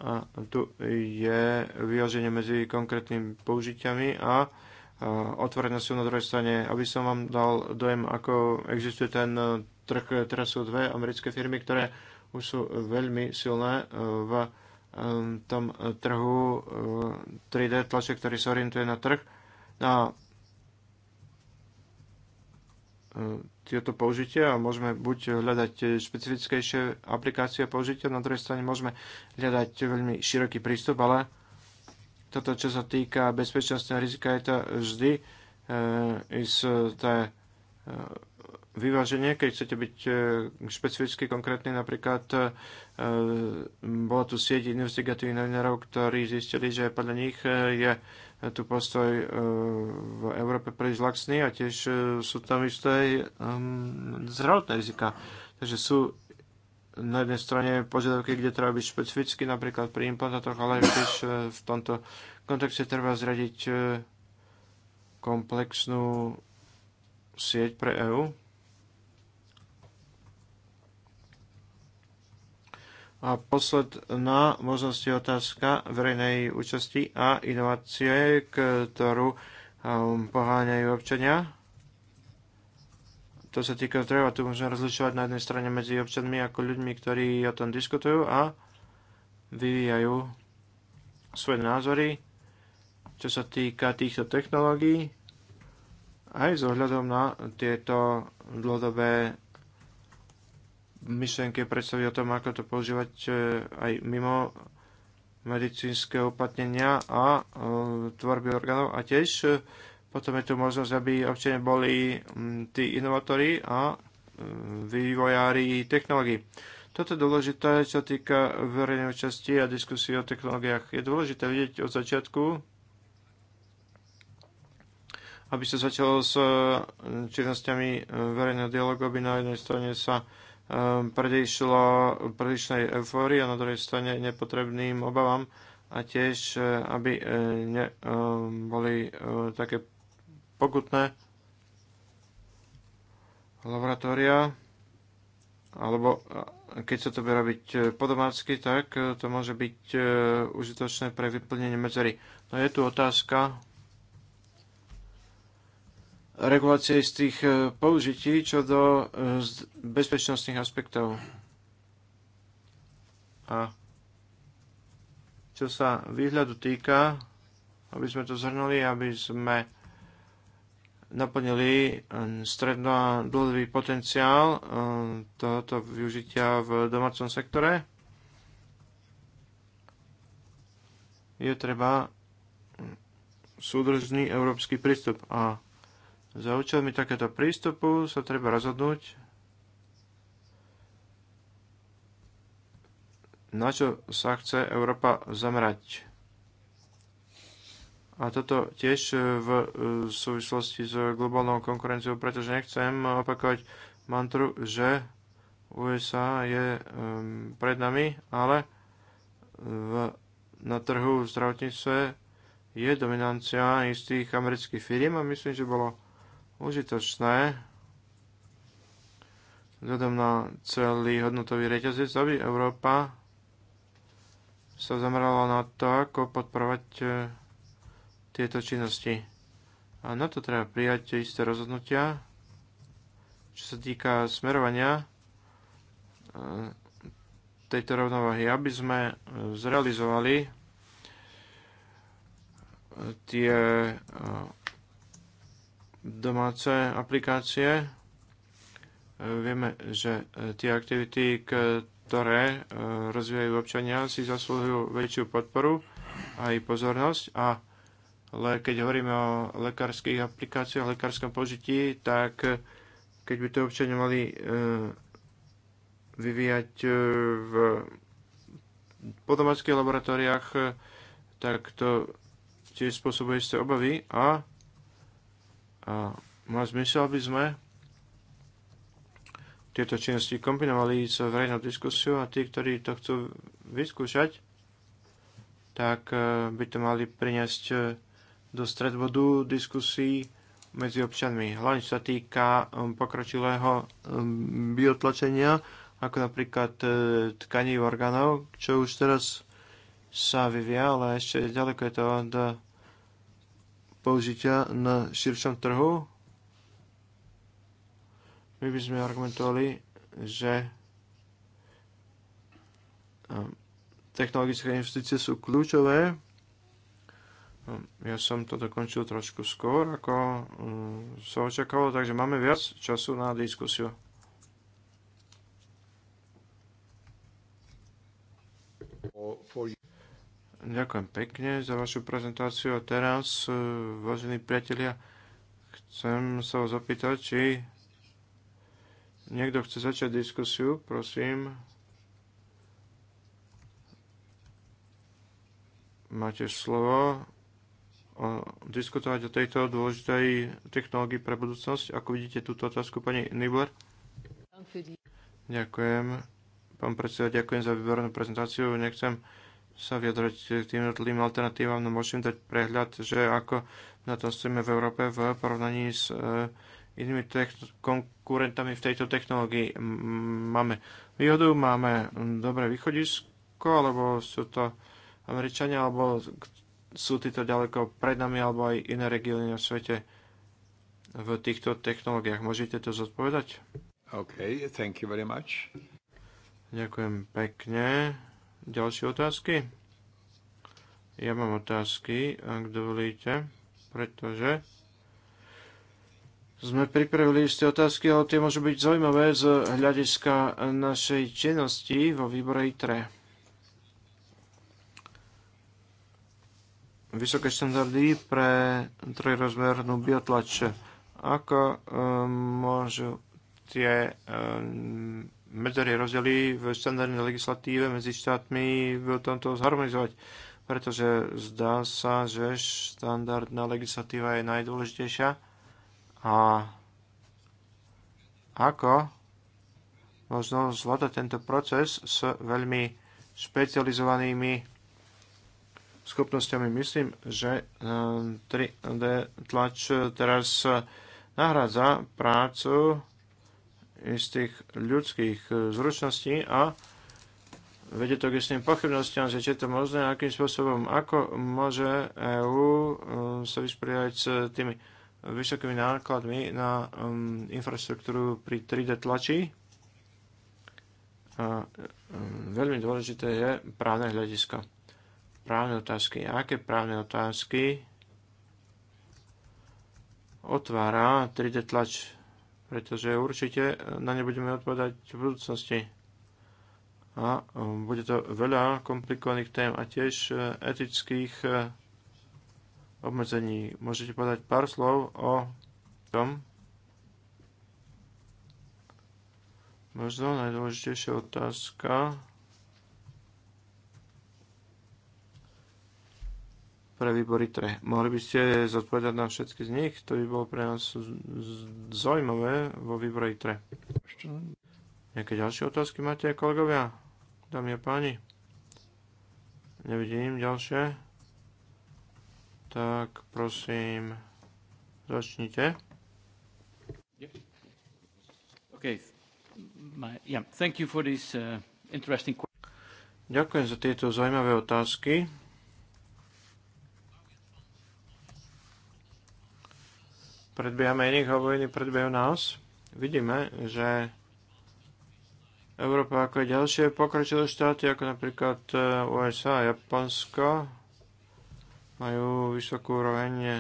A tu je vyjaženie medzi konkrétnymi použiťami a e, otvorená sú na druhej strane. Aby som vám dal dojem, ako existuje ten e, trh, e, teraz sú dve americké firmy, ktoré už sú veľmi silné e, v tom trhu 3D tlače, ktorý sa orientuje na trh. Na no tieto použitia a môžeme buď hľadať špecifickejšie aplikácie a použitia, na druhej strane môžeme hľadať veľmi široký prístup, ale toto, čo sa týka bezpečnostného rizika, je to vždy eh, isté eh, eh, vyváženie, keď chcete byť špecificky konkrétny. Napríklad bola tu sieť investigatívnych novinárov, ktorí zistili, že podľa nich je tu postoj v Európe príliš laxný a tiež sú tam isté zdravotné rizika. Takže sú na jednej strane požiadavky, kde treba byť špecificky, napríklad pri implantátoch, ale tiež e, v tomto kontexte treba zradiť e, komplexnú sieť pre EU. A posledná možnosť je otázka verejnej účasti a inovácie, ktorú e, poháňajú občania. To sa týka zdrojov tu môžeme rozlišovať na jednej strane medzi občanmi ako ľuďmi, ktorí o tom diskutujú a vyvíjajú svoje názory, čo sa týka týchto technológií, aj s ohľadom na tieto dlhodobé myšlenky predstavy o tom, ako to používať e, aj mimo medicínske uplatnenia a e, tvorby orgánov a tiež e, potom je tu možnosť, aby občania boli mm, tí inovatóri a mm, vývojári technológií. Toto je dôležité, čo týka verejnej účasti a diskusí o technológiách. Je dôležité vidieť od začiatku, aby sa začalo s e, činnosťami e, verejného dialogu, aby na jednej strane sa e, predišlo predišnej eufórii a na druhej strane nepotrebným obavám a tiež, aby neboli také pokutné laboratória, alebo e, keď sa to bude robiť e, podomácky, tak e, to môže byť užitočné pre vyplnenie medzery. No je tu otázka regulácie z tých použití čo do bezpečnostných aspektov. A čo sa výhľadu týka, aby sme to zhrnuli, aby sme naplnili hm, stredno a dlhodobý potenciál hm, tohoto využitia v domácom sektore, je treba hm, súdržný európsky prístup. A za účelmi takéto prístupu sa treba rozhodnúť, na čo sa chce Európa zamerať. A toto tiež e, v e, súvislosti s globálnou konkurenciou, pretože nechcem opakovať mantru, že USA je pred nami, ale e, v, na trhu v zdravotníctve je dominancia istých amerických firm a myslím, že bolo užitočné vzhľadom na celý hodnotový reťazec, aby Európa sa zamerala na to, ako podporovať tieto činnosti. A na to treba prijať isté rozhodnutia, čo sa týka smerovania e, tejto rovnováhy, aby sme e, zrealizovali e, tie domáce aplikácie. Vieme, že tie aktivity, ktoré rozvíjajú občania, si zaslúhujú väčšiu podporu aj pozornosť a ale keď hovoríme o lekárskych aplikáciách, lekárskom požití, tak keď by to občania mali e, vyvíjať e, v podomáckých laboratóriách, e, tak to tiež spôsobuje isté obavy a, a má zmysel, aby sme tieto činnosti kombinovali s verejnou diskusiou a tí, ktorí to chcú vyskúšať, tak by to mali priniesť do stredbodu diskusí medzi občanmi. Hlavne sa týka um, pokročilého um, biotlačenia, ako napríklad e, tkaní orgánov, čo už teraz sa vyvia, ale ešte ďaleko je to od použitia na širšom trhu. My by sme argumentovali, že um, technologické investície sú kľúčové No, ja som to dokončil trošku skôr, ako mm, sa očakalo, takže máme viac času na diskusiu. Ďakujem pekne za vašu prezentáciu a teraz, e, vážení priatelia, chcem sa vás opýtať, či niekto chce začať diskusiu, prosím. Máte slovo diskutovať o tejto dôležitej technológii pre budúcnosť. Ako vidíte túto otázku, pani Nibler? Ďakujem. Pán predseda, ďakujem za výbornú prezentáciu. Nechcem sa vyjadrať k tým jednotlivým alternatívam, no môžem dať prehľad, že ako na tom stojíme v Európe v porovnaní s e, inými konkurentami v tejto technológii. Máme výhodu, máme dobré východisko, alebo sú to Američania, alebo sú títo ďaleko pred nami alebo aj iné regióny na svete v týchto technológiách. Môžete to zodpovedať? OK, thank you very much. Ďakujem pekne. Ďalšie otázky? Ja mám otázky, ak dovolíte, pretože sme pripravili isté otázky, ale tie môžu byť zaujímavé z hľadiska našej činnosti vo výbore ITRE. vysoké štandardy pre trojrozmernú biotlač. Ako ehm, môžu tie ehm, medzery rozdiely v štandardnej legislatíve medzi štátmi v tomto zharmonizovať? Pretože zdá sa, že štandardná legislatíva je najdôležitejšia. A ako možno zvládať tento proces s veľmi špecializovanými schopnosťami. Myslím, že eh, 3D tlač teraz nahrádza prácu tých ľudských eh, zručností a vedie to k istým pochybnostiam, že či je to možné, akým spôsobom, ako môže EÚ eh, sa vysporiadať s tými vysokými nákladmi na um, infraštruktúru pri 3D tlači. A um, veľmi dôležité je právne hľadisko právne otázky. Aké právne otázky otvára 3D tlač? Pretože určite na ne budeme odpovedať v budúcnosti. A um, bude to veľa komplikovaných tém a tiež e, etických e, obmedzení. Môžete povedať pár slov o tom? Možno najdôležitejšia otázka. pre výbory TRE. Mohli by ste zodpovedať na všetky z nich? To by bolo pre nás zaujímavé vo výbore TRE. Nejaké ďalšie otázky máte, kolegovia? Dámy a páni? Nevidím ďalšie. Tak prosím, začnite. Okay. My, yeah. Thank you for uh, interesting... Ďakujem za tieto zaujímavé otázky. predbiehame iných alebo iní predbiehajú nás, vidíme, že Európa ako aj ďalšie pokročilé štáty, ako napríklad e, USA a Japonsko, majú vysokú úroveň e,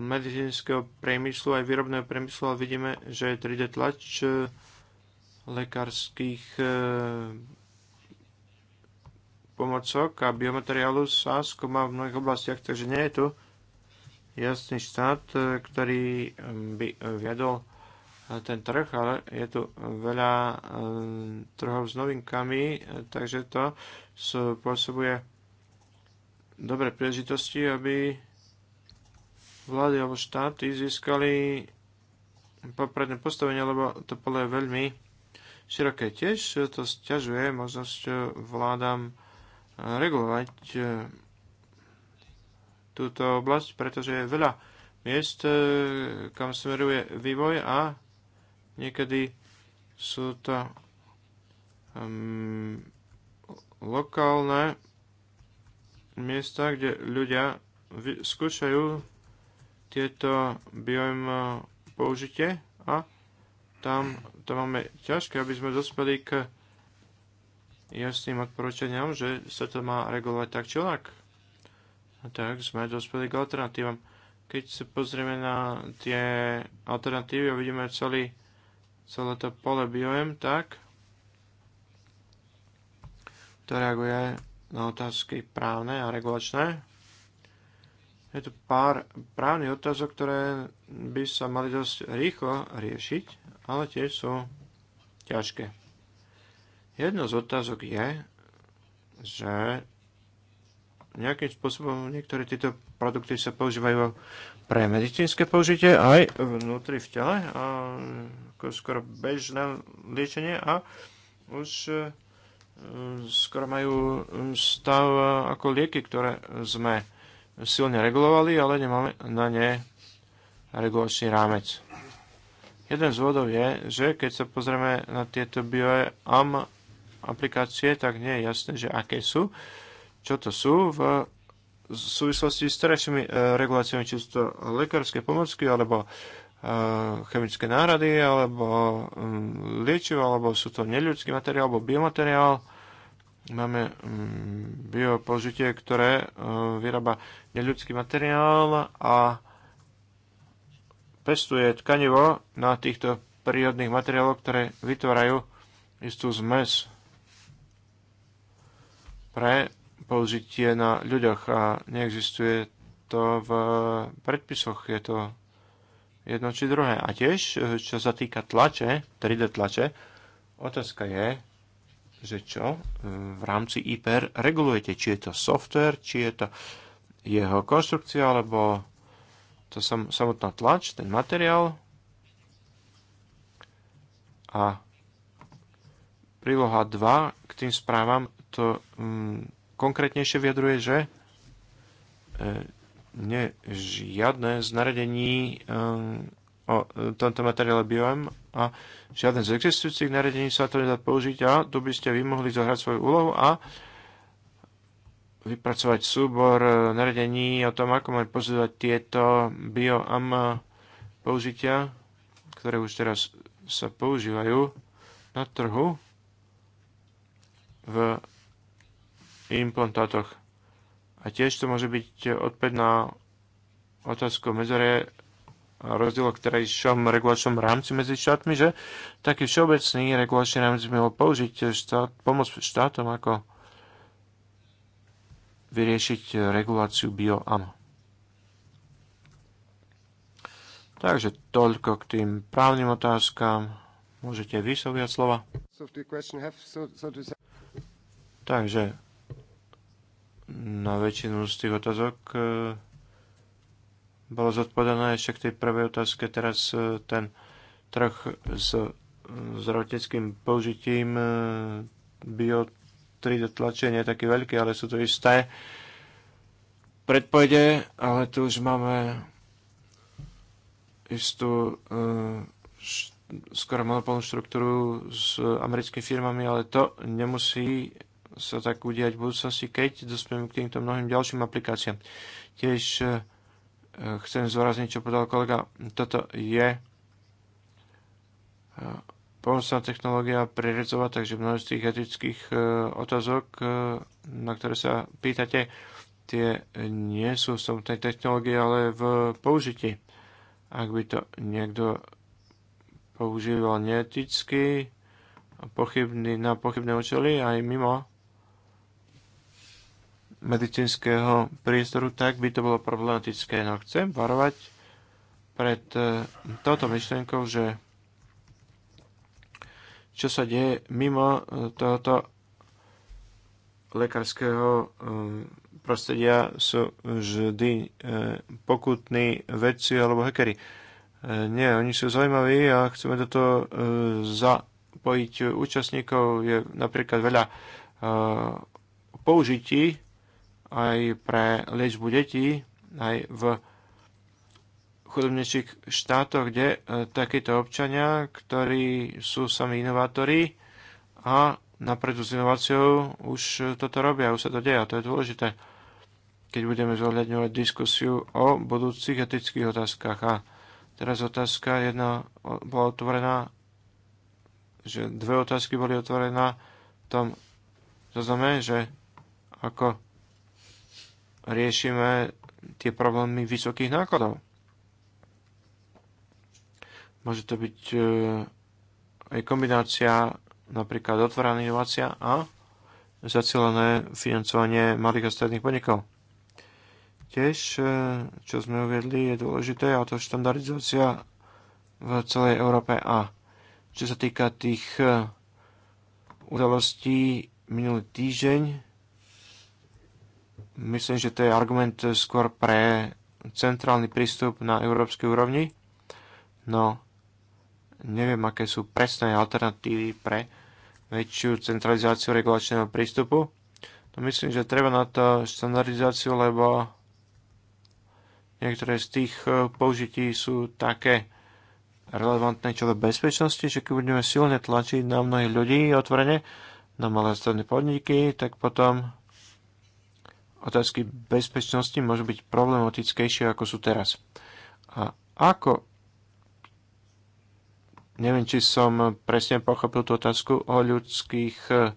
medicínskeho priemyslu aj výrobného priemyslu, ale vidíme, že 3D tlač e, lekárskych pomocok a biomateriálu sa skúma v mnohých oblastiach, takže nie je tu jasný štát, e, ktorý by e, viedol e, ten trh, ale je tu veľa trhov s novinkami, takže to spôsobuje dobré príležitosti, aby vlády alebo štáty získali popredné postavenie, lebo to pole je veľmi široké. Tiež to stiažuje možnosť vládam regulovať túto oblasť, pretože je veľa miest, e, kam smeruje vývoj a niekedy sú to um, lokálne miesta, kde ľudia skúšajú tieto biom e, použitie a tam to máme ťažké, aby sme dospeli k jasným odporúčaniam, že sa to má regulovať tak či onak tak sme dospeli k alternatívam. Keď sa pozrieme na tie alternatívy a vidíme celý, celé to pole biom, tak to reaguje na otázky právne a regulačné. Je tu pár právnych otázok, ktoré by sa mali dosť rýchlo riešiť, ale tiež sú ťažké. Jedno z otázok je, že Nejakým spôsobom niektoré tieto produkty sa používajú pre medicínske použitie aj vnútri v tele, a ako skoro bežné liečenie a už e, skoro majú stav ako lieky, ktoré sme silne regulovali, ale nemáme na ne regulačný rámec. Jeden z vodov je, že keď sa pozrieme na tieto bioam aplikácie, tak nie je jasné, že aké sú čo to sú v súvislosti s terajšími e, reguláciami čisto lekárskej pomocky alebo e, chemické náhrady alebo mm, liečivo, alebo sú to neľudský materiál alebo biomateriál. Máme mm, biopožitie, ktoré e, vyrába neľudský materiál a pestuje tkanivo na týchto prírodných materiáloch, ktoré vytvárajú istú zmes pre použitie na ľuďoch a neexistuje to v predpisoch. Je to jedno či druhé. A tiež, čo sa týka tlače, 3D tlače, otázka je, že čo e, v rámci IPR regulujete? Či je to software, či je to jeho konštrukcia, alebo to sam, samotná tlač, ten materiál. A príloha 2 k tým správam, to mm, konkrétnejšie vyjadruje, že e, nie, žiadne z naredení e, o tomto materiále BOM a žiadne z existujúcich naredení sa to nedá použiť a tu by ste vy mohli zohrať svoju úlohu a vypracovať súbor e, naredení o tom, ako mať pozorovať tieto BOM použitia, ktoré už teraz sa používajú na trhu v implantátoch. A tiež to môže byť e, odpäť na otázku medzore a rozdiel v terajšom regulačnom rámci medzi štátmi, že taký všeobecný regulačný rámec by mohol použiť štát, pomoc štátom, ako vyriešiť e, reguláciu bioam. Takže toľko k tým právnym otázkam. Môžete vysoviať slova. Takže na väčšinu z tých otázok e, bolo zodpovedané ešte k tej prvej otázke. Teraz e, ten trh s e, zdravotnickým použitím bio 3 tlače nie je taký veľký, ale sú to isté predpovede, ale tu už máme istú skoro monopolnú štruktúru s americkými firmami, ale to nemusí sa tak udiať v budúcnosti, keď dospiem k týmto mnohým ďalším aplikáciám. Tiež e, chcem zvorazniť, čo povedal kolega. Toto je e, pomocná technológia prerezová, takže mnoho z tých etických e, otázok, na ktoré sa pýtate, tie nie sú v tej technológii, ale v použití. Ak by to niekto používal neeticky, pochybný, na pochybné účely aj mimo medicínskeho priestoru, tak by to bolo problematické. No chcem varovať pred e, touto myšlienkou, že čo sa deje mimo e, tohoto lekárskeho e, prostredia sú vždy pokutní vedci alebo hekery. Nie, oni sú zaujímaví a chceme do toho zapojiť účastníkov. Je napríklad veľa použití aj pre liečbu detí, aj v chudobnejších štátoch, kde e, takíto občania, ktorí sú sami inovátori a napredu s inováciou už toto robia, už sa to deje a to je dôležité, keď budeme zohľadňovať diskusiu o budúcich etických otázkach. A teraz otázka jedna bola otvorená, že dve otázky boli otvorená v tom zozname, že ako riešime tie problémy vysokých nákladov. Môže to byť e, aj kombinácia napríklad otvorená inovácia a zacielené financovanie malých a stredných podnikov. Tiež, e, čo sme uviedli, je dôležité a to štandardizácia v celej Európe a čo sa týka tých e, udalostí minulý týždeň, Myslím, že to je argument skôr pre centrálny prístup na európskej úrovni, no neviem, aké sú presné alternatívy pre väčšiu centralizáciu regulačného prístupu. No myslím, že treba na to štandardizáciu, lebo niektoré z tých e, použití sú také relevantné čo do bezpečnosti, že keď budeme silne tlačiť na mnohých ľudí otvorene, na malé stredné podniky, tak potom otázky bezpečnosti môžu byť problematickejšie, ako sú teraz. A ako... Neviem, či som presne pochopil tú otázku o ľudských e,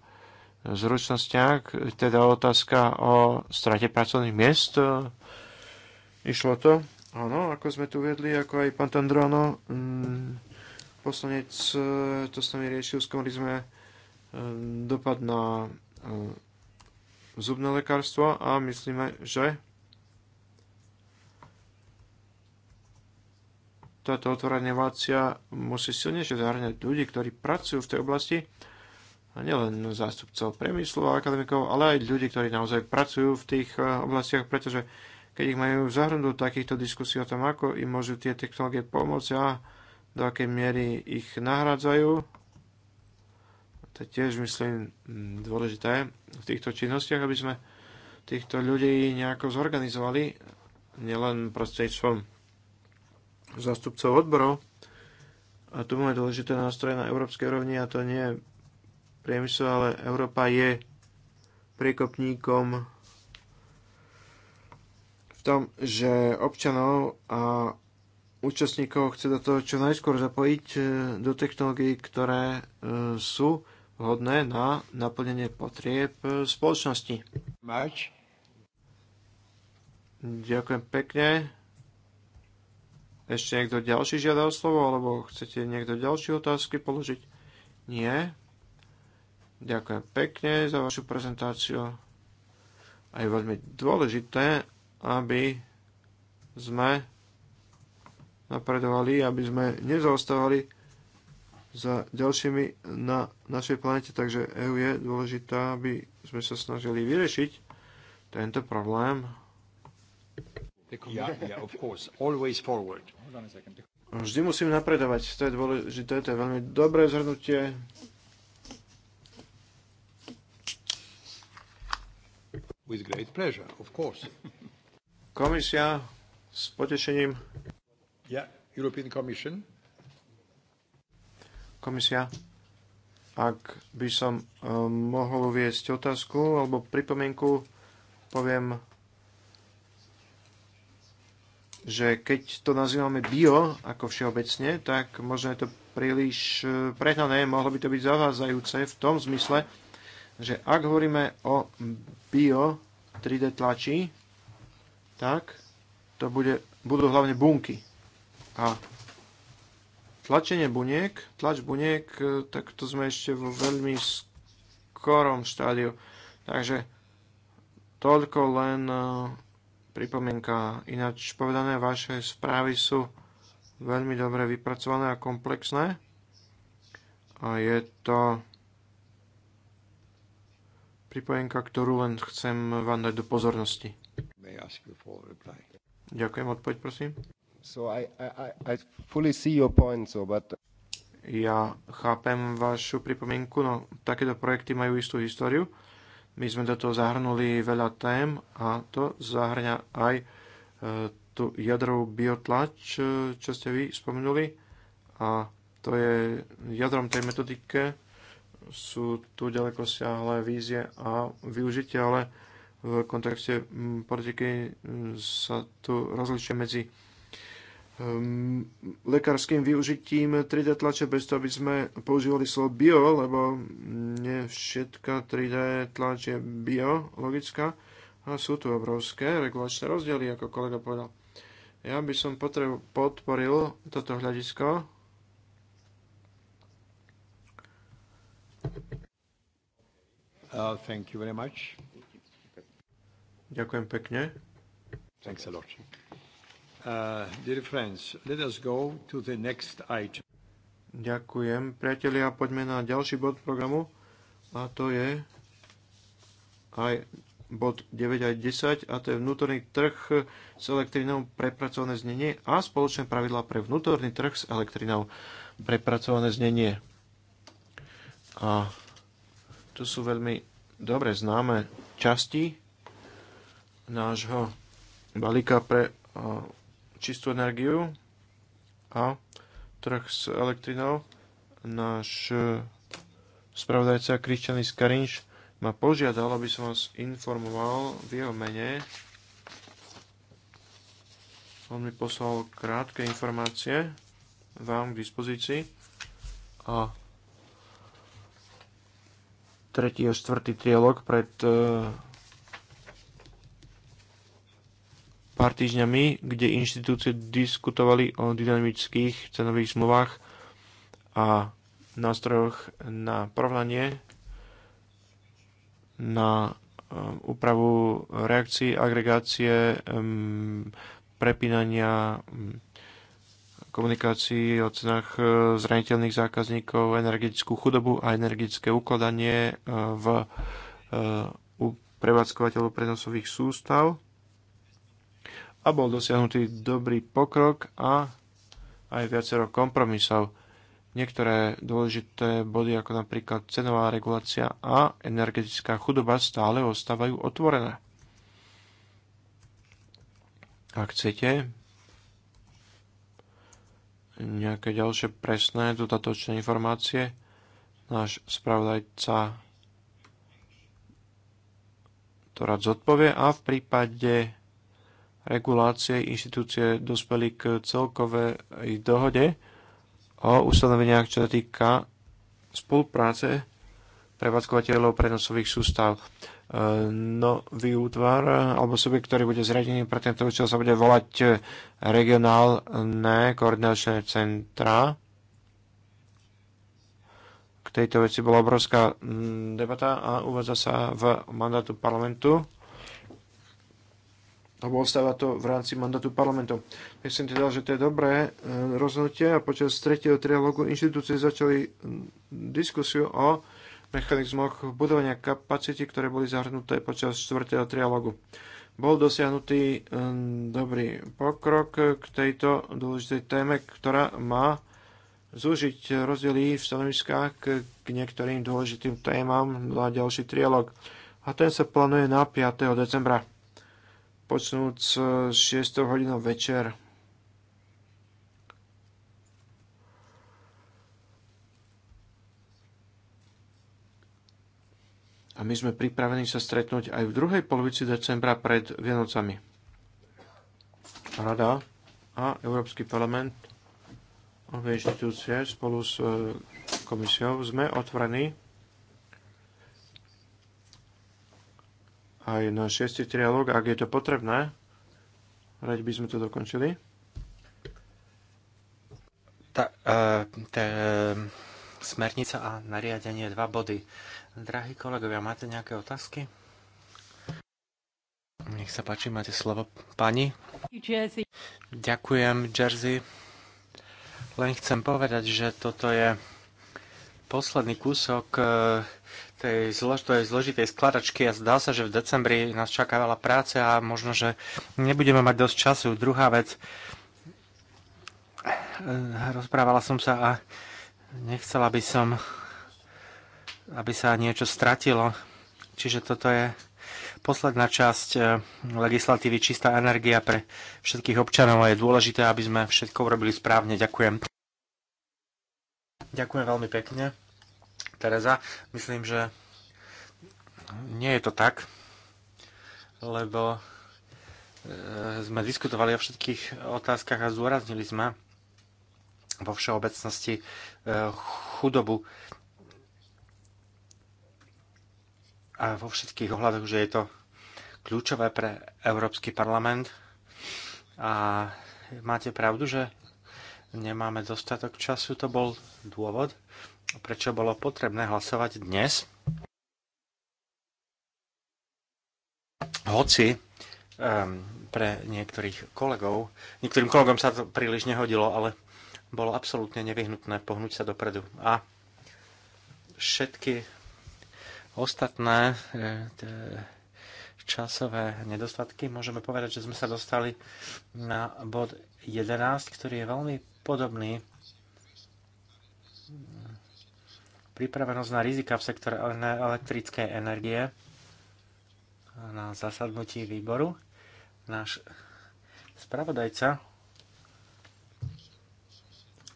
zručnostiach, teda otázka o strate pracovných miest. E, išlo to? Áno, ako sme tu vedli, ako aj pán Tandrono, mm, poslanec e, to s nami riešil, skôr sme dopad na zubné lekárstvo a myslíme, že táto otvorenie vácia musí silnejšie zahrňať ľudí, ktorí pracujú v tej oblasti, a nielen zástupcov priemyslu a akademikov, ale aj ľudí, ktorí naozaj pracujú v tých eh, oblastiach, pretože keď ich majú zahrnúť takýchto diskusí o tom, ako im môžu tie technológie pomôcť a do akej miery ich nahrádzajú, to je tiež, myslím, dôležité v týchto činnostiach, aby sme týchto ľudí nejako zorganizovali, nielen prostredníctvom zástupcov odborov. A tu máme dôležité nástroje na európskej rovni a to nie je priemysel, ale Európa je priekopníkom v tom, že občanov a účastníkov chce do toho čo najskôr zapojiť e, do technológií, ktoré e, sú vhodné na naplnenie potrieb spoločnosti. Mať. Ďakujem pekne. Ešte niekto ďalší žiada o slovo, alebo chcete niekto ďalšie otázky položiť? Nie. Ďakujem pekne za vašu prezentáciu. A je veľmi dôležité, aby sme napredovali, aby sme nezaostávali za ďalšími na našej planete. Takže EU je dôležitá, aby sme sa snažili vyriešiť tento problém. Vždy musím napredovať, to je dôležité, to je veľmi dobré zhrnutie. With great pleasure, of course. Komisia s potešením. Yeah, European Commission komisia. Ak by som e, mohol uviesť otázku alebo pripomienku, poviem, že keď to nazývame bio ako všeobecne, tak možno je to príliš e, prehnané, mohlo by to byť zavádzajúce v tom zmysle, že ak hovoríme o bio 3D tlači, tak to bude, budú hlavne bunky. A Tlačenie buniek, tlač buniek, e, tak to sme ešte vo veľmi skorom štádiu. Takže toľko len e, pripomienka. Ináč povedané, vaše správy sú veľmi dobre vypracované a komplexné. A je to pripojenka, ktorú len chcem vám dať do pozornosti. Ďakujem, odpoď prosím. So I, I, I fully see your point, so, but... Ja chápem vašu pripomienku, no takéto projekty majú istú históriu. My sme do toho zahrnuli veľa tém a to zahrňa aj e, tú jadrovú biotlač, e, čo ste vy spomenuli. A to je jadrom tej metodike, sú tu ďaleko siahle vízie a využitie, ale v kontexte politiky sa tu rozlišuje medzi um, lekárským využitím 3D tlače bez toho, aby sme používali slovo bio, lebo nie všetka 3D tlač je biologická a sú tu obrovské regulačné rozdiely, ako kolega povedal. Ja by som potrebu, podporil toto hľadisko. Uh, thank you very much. Ďakujem pekne. Thanks a lot. Uh, dear friends, let us go to the next item. Ďakujem. Priatelia, poďme na ďalší bod programu a to je aj bod 9 aj 10 a to je vnútorný trh s elektrinou prepracované znenie a spoločné pravidla pre vnútorný trh s elektrinou prepracované znenie. A to sú veľmi dobre známe časti nášho balíka pre čistú energiu a trh s elektrinou. Náš e, spravodajca Christian Iskarinš ma požiadal, aby som vás informoval v jeho mene. On mi poslal krátke informácie vám k dispozícii a 3. a 4. trialog pred e, pár týždňami, kde inštitúcie diskutovali o dynamických cenových zmluvách a nástrojoch na porovnanie na eh, úpravu reakcií, agregácie, prepínania komunikácií o cenách eh, zraniteľných zákazníkov, energetickú chudobu a energetické ukladanie eh, v, prevádzkovateľov prenosových sústav a bol dosiahnutý dobrý pokrok a aj viacero kompromisov. Niektoré dôležité body, ako napríklad cenová regulácia a energetická chudoba, stále ostávajú otvorené. Ak chcete nejaké ďalšie presné dodatočné informácie, náš spravodajca to rád zodpovie a v prípade regulácie inštitúcie dospeli k celkovej dohode o ustanoveniach, čo sa týka spolupráce prevádzkovateľov prenosových sústav. E, nový útvar alebo subjekt, ktorý bude zriadený pre tento účel, sa bude volať regionálne koordinačné centra. K tejto veci bola obrovská mm, debata a uvádza sa v mandátu parlamentu alebo ostáva to v rámci mandátu parlamentu. Myslím teda, že to je dobré e, rozhodnutie a počas tretieho trialogu inštitúcie začali diskusiu o mechanizmoch budovania kapacity, ktoré boli zahrnuté počas čtvrtého trialogu. Bol dosiahnutý e, dobrý pokrok k tejto dôležitej téme, ktorá má zúžiť rozdiely v stanoviskách k niektorým dôležitým témam na ďalší trialog. A ten sa plánuje na 5. decembra počnúť s 6 eh, hodinou večer. A my sme pripravení sa stretnúť aj v druhej polovici decembra pred Vienocami. Rada a Európsky parlament obe inštitúcie spolu s eh, komisiou sme otvorení aj na 6. trialóg, ak je to potrebné. Rať by sme to dokončili. Tá, e, tá, e, smernica a nariadenie dva body. Drahí kolegovia, máte nejaké otázky? Nech sa páči, máte slovo pani. Jersey. Ďakujem, Jersey. Len chcem povedať, že toto je posledný kúsok e, tej, zlož, tej zložitej skladačky a zdá sa, že v decembri nás čaká veľa práce a možno, že nebudeme mať dosť času. Druhá vec, rozprávala som sa a nechcela by som, aby sa niečo stratilo. Čiže toto je posledná časť eh, legislatívy Čistá energia pre všetkých občanov a je dôležité, aby sme všetko urobili správne. Ďakujem. Ďakujem veľmi pekne. Tereza. Myslím, že nie je to tak, lebo e, sme diskutovali o všetkých otázkach a zdôraznili sme vo všeobecnosti e, chudobu a vo všetkých ohľadoch, že je to kľúčové pre Európsky parlament a máte pravdu, že nemáme dostatok času, to bol dôvod prečo bolo potrebné hlasovať dnes. Hoci um, pre niektorých kolegov, niektorým kolegom sa to príliš nehodilo, ale bolo absolútne nevyhnutné pohnúť sa dopredu. A všetky ostatné e, časové nedostatky, môžeme povedať, že sme sa dostali na bod 11, ktorý je veľmi podobný pripravenosť na rizika v sektore elektrickej energie na zasadnutí výboru. Náš spravodajca,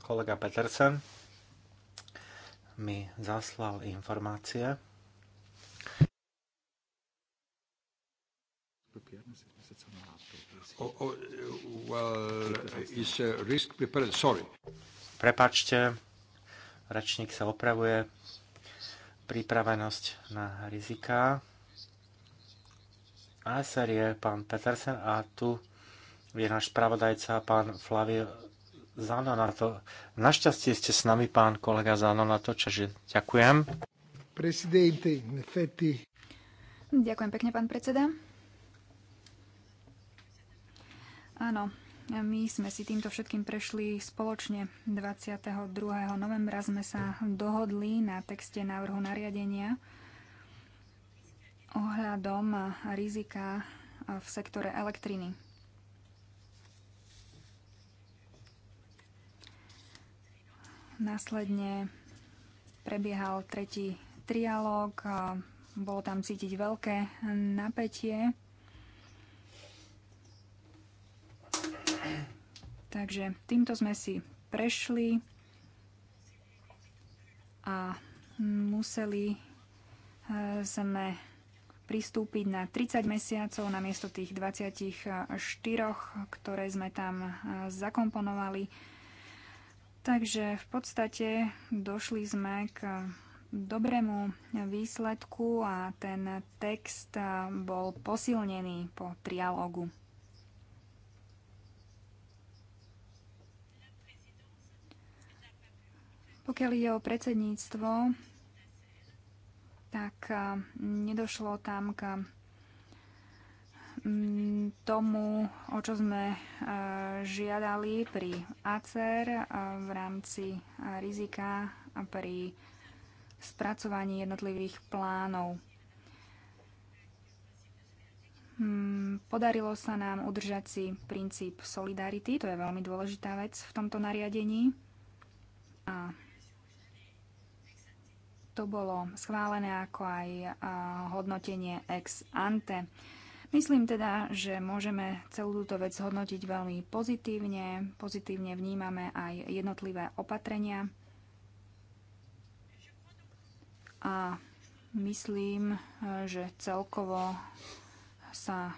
kolega Petersen, mi zaslal informácie. Oh, oh, well, Prepačte, Rečník sa opravuje. Pripravenosť na riziká. A série pán Petersen a tu je náš pravodajca pán Flavio Zano na to. Našťastie ste s nami, pán kolega Zano na to, čiže ďakujem. Ďakujem pekne, pán predseda. Áno, my sme si týmto všetkým prešli spoločne 22. novembra. Sme sa dohodli na texte návrhu nariadenia ohľadom rizika v sektore elektriny. Následne prebiehal tretí trialóg, bolo tam cítiť veľké napätie Takže týmto sme si prešli a museli e, sme pristúpiť na 30 mesiacov namiesto tých 24, ktoré sme tam e, zakomponovali. Takže v podstate došli sme k dobrému výsledku a ten text e, bol posilnený po trialógu. Pokiaľ ide o predsedníctvo, tak nedošlo tam k mm, tomu, o čo sme žiadali pri ACER v rámci rizika a pri spracovaní jednotlivých plánov. Mm, podarilo sa nám udržať si princíp solidarity, to je veľmi dôležitá vec v tomto nariadení. A to bolo schválené ako aj hodnotenie ex ante. Myslím teda, že môžeme celú túto vec hodnotiť veľmi pozitívne. Pozitívne vnímame aj jednotlivé opatrenia. A myslím, že celkovo sa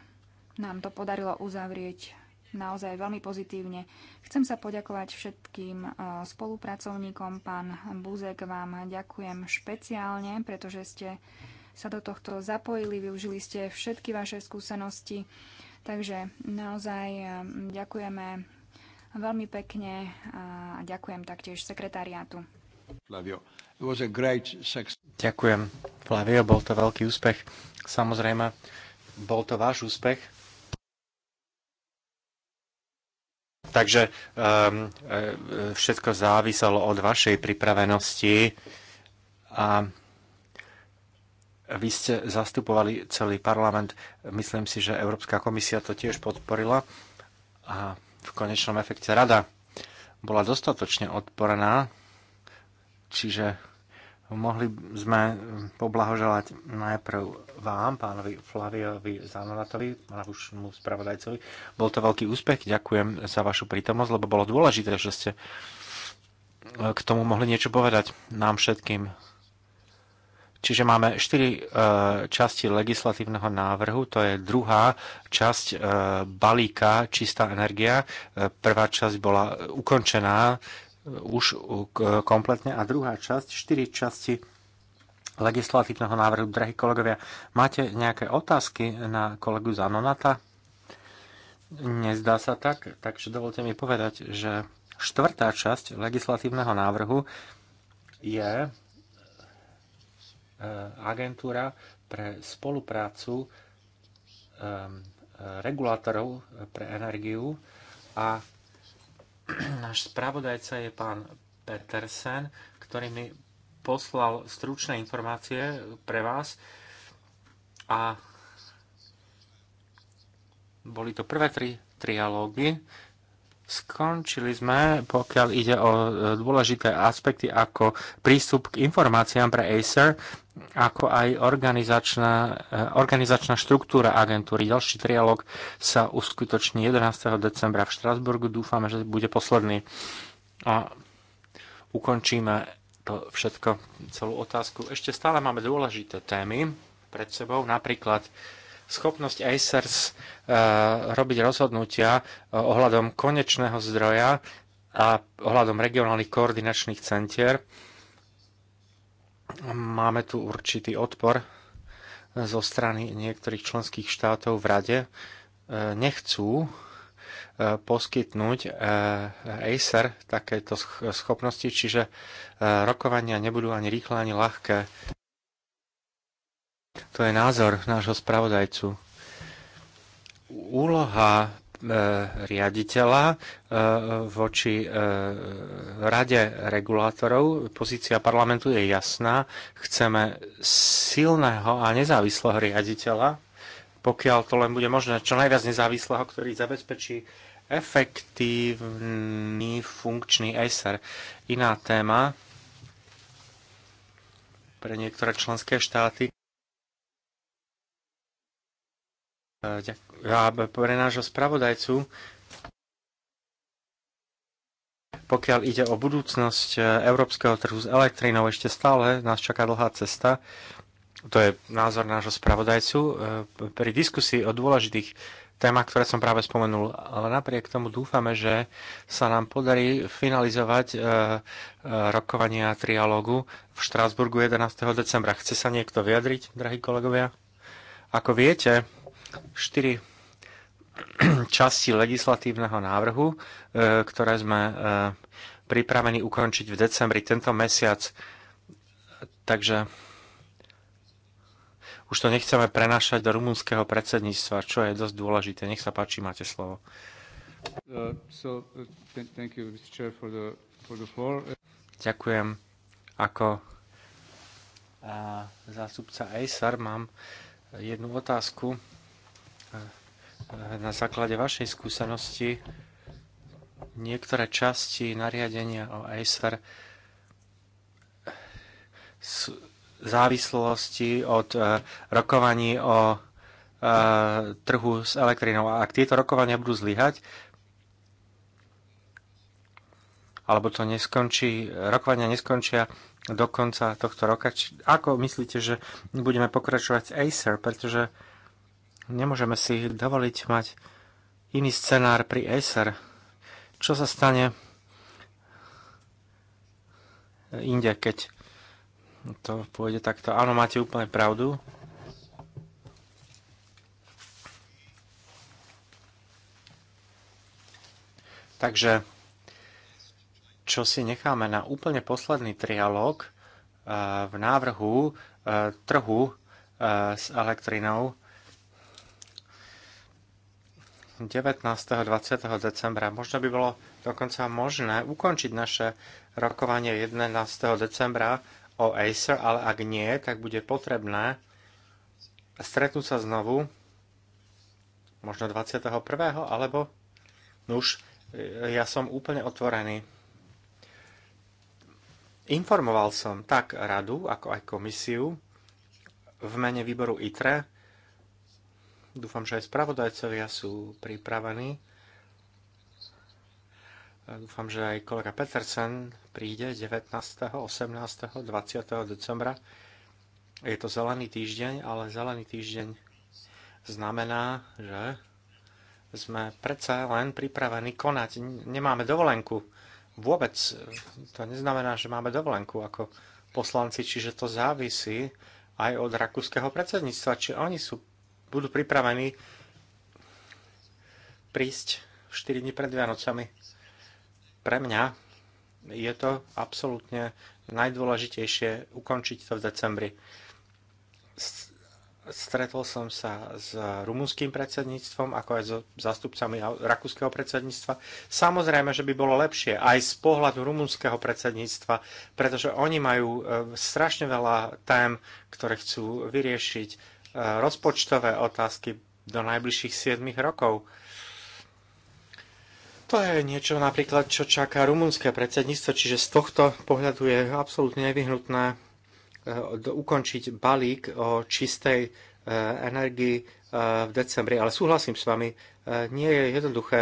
nám to podarilo uzavrieť naozaj veľmi pozitívne. Chcem sa poďakovať všetkým e, spolupracovníkom. Pán Buzek, vám ďakujem špeciálne, pretože ste sa do tohto zapojili, využili ste všetky vaše skúsenosti. Takže naozaj e, ďakujeme veľmi pekne a ďakujem taktiež sekretariátu. Flavio. Ďakujem, Flavio, bol to veľký úspech. Samozrejme, bol to váš úspech Takže ehm, e, všetko záviselo od vašej pripravenosti a vy ste zastupovali celý parlament. Myslím si, že Európska komisia to tiež podporila a v konečnom efekte rada bola dostatočne odporná, čiže Mohli sme poblahoželať najprv vám, pánovi Flaviovi Zanonatovi, nášmu spravodajcovi. Bol to veľký úspech, ďakujem za vašu prítomnosť, lebo bolo dôležité, že ste k tomu mohli niečo povedať nám všetkým. Čiže máme štyri e, časti legislatívneho návrhu, to je druhá časť e, balíka Čistá energia. E, prvá časť bola ukončená už kompletne. A druhá časť, štyri časti legislatívneho návrhu. Drahí kolegovia, máte nejaké otázky na kolegu Zanonata? Nezdá sa tak, takže dovolte mi povedať, že štvrtá časť legislatívneho návrhu je e, agentúra pre spoluprácu e, e, regulátorov pre energiu a Náš spravodajca je pán Petersen, ktorý mi poslal stručné informácie pre vás a boli to prvé tri trialógy. Skončili sme, pokiaľ ide o e, dôležité aspekty ako prístup k informáciám pre Acer, ako aj organizačná, eh, organizačná štruktúra agentúry. Ďalší trialog sa uskutoční 11. decembra v Štrasburgu. Dúfame, že bude posledný. A ukončíme to všetko, celú otázku. Ešte stále máme dôležité témy pred sebou, napríklad schopnosť ACERS eh, robiť rozhodnutia eh, ohľadom konečného zdroja a ohľadom regionálnych koordinačných centier Máme tu určitý odpor zo strany niektorých členských štátov v rade. E, nechcú e, poskytnúť e, Acer takéto schopnosti, čiže rokovania nebudú ani rýchle, ani ľahké. To je názor nášho spravodajcu. Úloha E, riaditeľa e, voči e, rade regulátorov. Pozícia parlamentu je jasná. Chceme silného a nezávislého riaditeľa, pokiaľ to len bude možné, čo najviac nezávislého, ktorý zabezpečí efektívny funkčný ESER. Iná téma pre niektoré členské štáty. Ďakujem a pre nášho spravodajcu, pokiaľ ide o budúcnosť e, európskeho trhu s elektrínou, ešte stále nás čaká dlhá cesta. To je názor nášho spravodajcu e, pri diskusii o dôležitých témach, ktoré som práve spomenul. Ale napriek tomu dúfame, že sa nám podarí finalizovať e, rokovania trialógu v Štrásburgu 11. decembra. Chce sa niekto vyjadriť, drahí kolegovia? Ako viete, štyri časti legislatívneho návrhu, e, ktoré sme e, pripravení ukončiť v decembri tento mesiac. Takže už to nechceme prenašať do rumúnskeho predsedníctva, čo je dosť dôležité. Nech sa páči, máte slovo. Ďakujem. Ako uh, zástupca ACER mám jednu otázku na základe vašej skúsenosti niektoré časti nariadenia o ACER závislosti od e, rokovaní o e, trhu s elektrinou. A ak tieto rokovania budú zlyhať, alebo to neskončí, rokovania neskončia do konca tohto roka. Či, ako myslíte, že budeme pokračovať s Acer? Pretože Nemôžeme si dovoliť mať iný scenár pri Acer. Čo sa stane inde, keď to pôjde takto? Áno, máte úplne pravdu. Takže, čo si necháme na úplne posledný trialog eh, v návrhu eh, trhu eh, s elektrinou, 19. 20. decembra. Možno by bolo dokonca možné ukončiť naše rokovanie 11. decembra o Acer, ale ak nie, tak bude potrebné stretnúť sa znovu, možno 21. alebo no už e, ja som úplne otvorený. Informoval som tak radu, ako aj komisiu v mene výboru ITRE Dúfam, že aj spravodajcovia sú pripravení. Dúfam, že aj kolega Petersen príde 19., 18., 20. decembra. Je to zelený týždeň, ale zelený týždeň znamená, že sme predsa len pripravení konať. Nemáme dovolenku. Vôbec to neznamená, že máme dovolenku ako poslanci, čiže to závisí aj od rakúskeho predsedníctva, či oni sú budú pripravení prísť 4 dní pred Vianocami. Pre mňa je to absolútne najdôležitejšie ukončiť to v decembri. Stretol som sa s rumunským predsedníctvom, ako aj so zástupcami rakúskeho predsedníctva. Samozrejme, že by bolo lepšie aj z pohľadu rumunského predsedníctva, pretože oni majú e, strašne veľa tém, ktoré chcú vyriešiť E, rozpočtové otázky do najbližších 7 rokov. To je niečo napríklad, čo čaká rumunské predsedníctvo, čiže z tohto pohľadu je absolútne nevyhnutné e, ukončiť balík o čistej e, energii v decembri. Ale súhlasím s vami, nie je jednoduché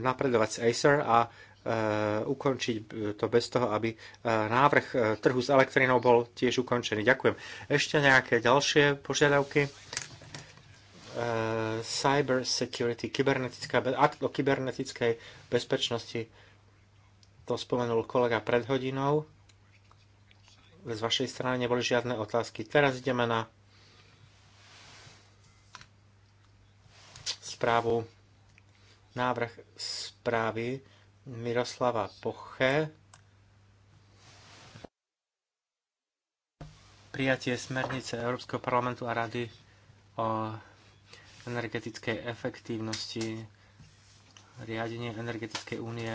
napredovať s Acer a Eh, ukončiť eh, to bez toho, aby eh, návrh trhu s elektrinou bol tiež ukončený. Ďakujem. Ešte nejaké ďalšie požiadavky? Cyber security, kybernetická, akt o kybernetickej bezpečnosti, to spomenul kolega pred hodinou. Z vašej strany neboli žiadne otázky. Teraz ideme na správu, návrh správy Miroslava Poche. Prijatie smernice Európskeho parlamentu a rady o energetickej efektívnosti, riadenie energetickej únie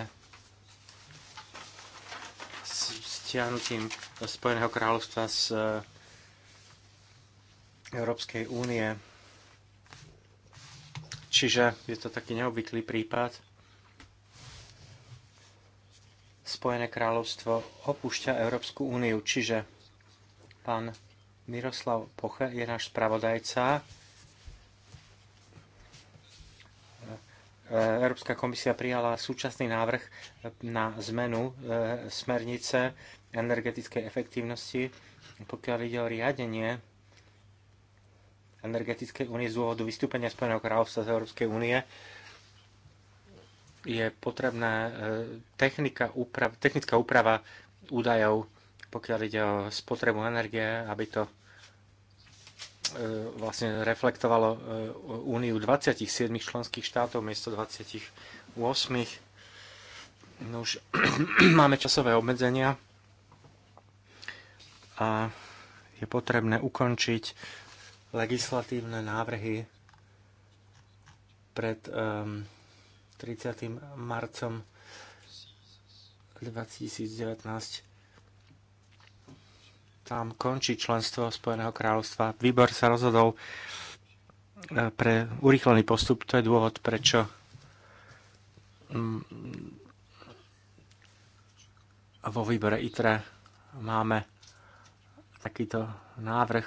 s stiahnutím Spojeného kráľovstva z e, Európskej únie. Čiže je to taký neobvyklý prípad Spojené kráľovstvo opúšťa Európsku úniu. Čiže pán Miroslav Poche je náš spravodajca. E, Európska komisia prijala súčasný návrh na zmenu e, smernice energetickej efektívnosti, pokiaľ ide o riadenie energetickej únie z dôvodu vystúpenia Spojeného kráľovstva z Európskej únie je potrebná e, technika úprav, technická úprava údajov, pokiaľ ide o spotrebu energie, aby to e, vlastne reflektovalo e, úniu 27 členských štátov miesto 28. No už máme časové obmedzenia a je potrebné ukončiť legislatívne návrhy pred um, 30. marcom 2019 tam končí členstvo Spojeného kráľovstva. Výbor sa rozhodol e, pre urýchlený postup. To je dôvod, prečo mm, vo výbore ITRE máme takýto návrh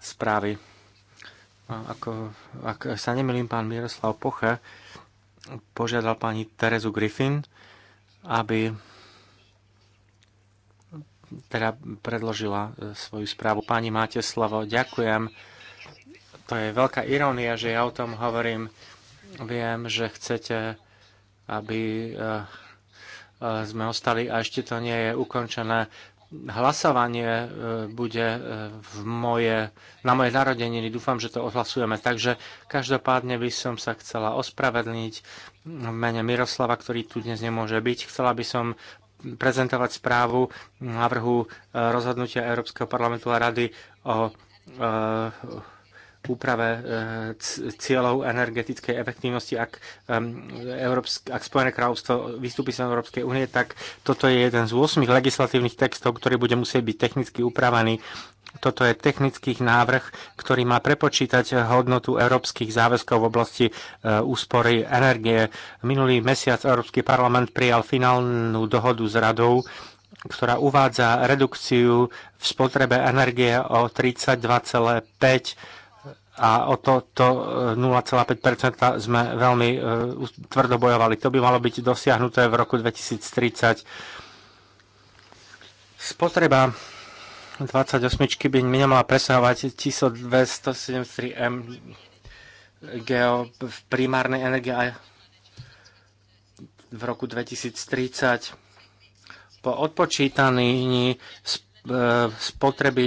správy ako, ak sa nemilím, pán Miroslav Poche požiadal pani Terezu Griffin, aby teda predložila e, svoju správu. Pani, máte slovo. Ďakujem. To je veľká irónia, že ja o tom hovorím. Viem, že chcete, aby e, e, sme ostali a ešte to nie je ukončené hlasovanie e, bude e, v moje, na moje narodeniny. Dúfam, že to odhlasujeme. Takže každopádne by som sa chcela ospravedlniť v mene Miroslava, ktorý tu dnes nemôže byť. Chcela by som prezentovať správu návrhu e, rozhodnutia Európskeho parlamentu a rady o úprave e, cieľov energetickej efektívnosti, ak, Európsk, ak Spojené kráľovstvo vystúpi z Európskej únie, tak toto je jeden z 8 legislatívnych textov, ktorý bude musieť byť technicky upravený. Toto je technický návrh, ktorý má prepočítať hodnotu európskych záväzkov v oblasti e, úspory energie. Minulý mesiac Európsky parlament prijal finálnu dohodu s radou, ktorá uvádza redukciu v spotrebe energie o 32,5 a o toto 0,5% e, sme veľmi e, tvrdo bojovali. To by malo byť dosiahnuté v roku 2030. Spotreba 28 by nemala presahovať 1273 mg v primárnej energie aj v roku 2030. Po odpočítaní e, spotreby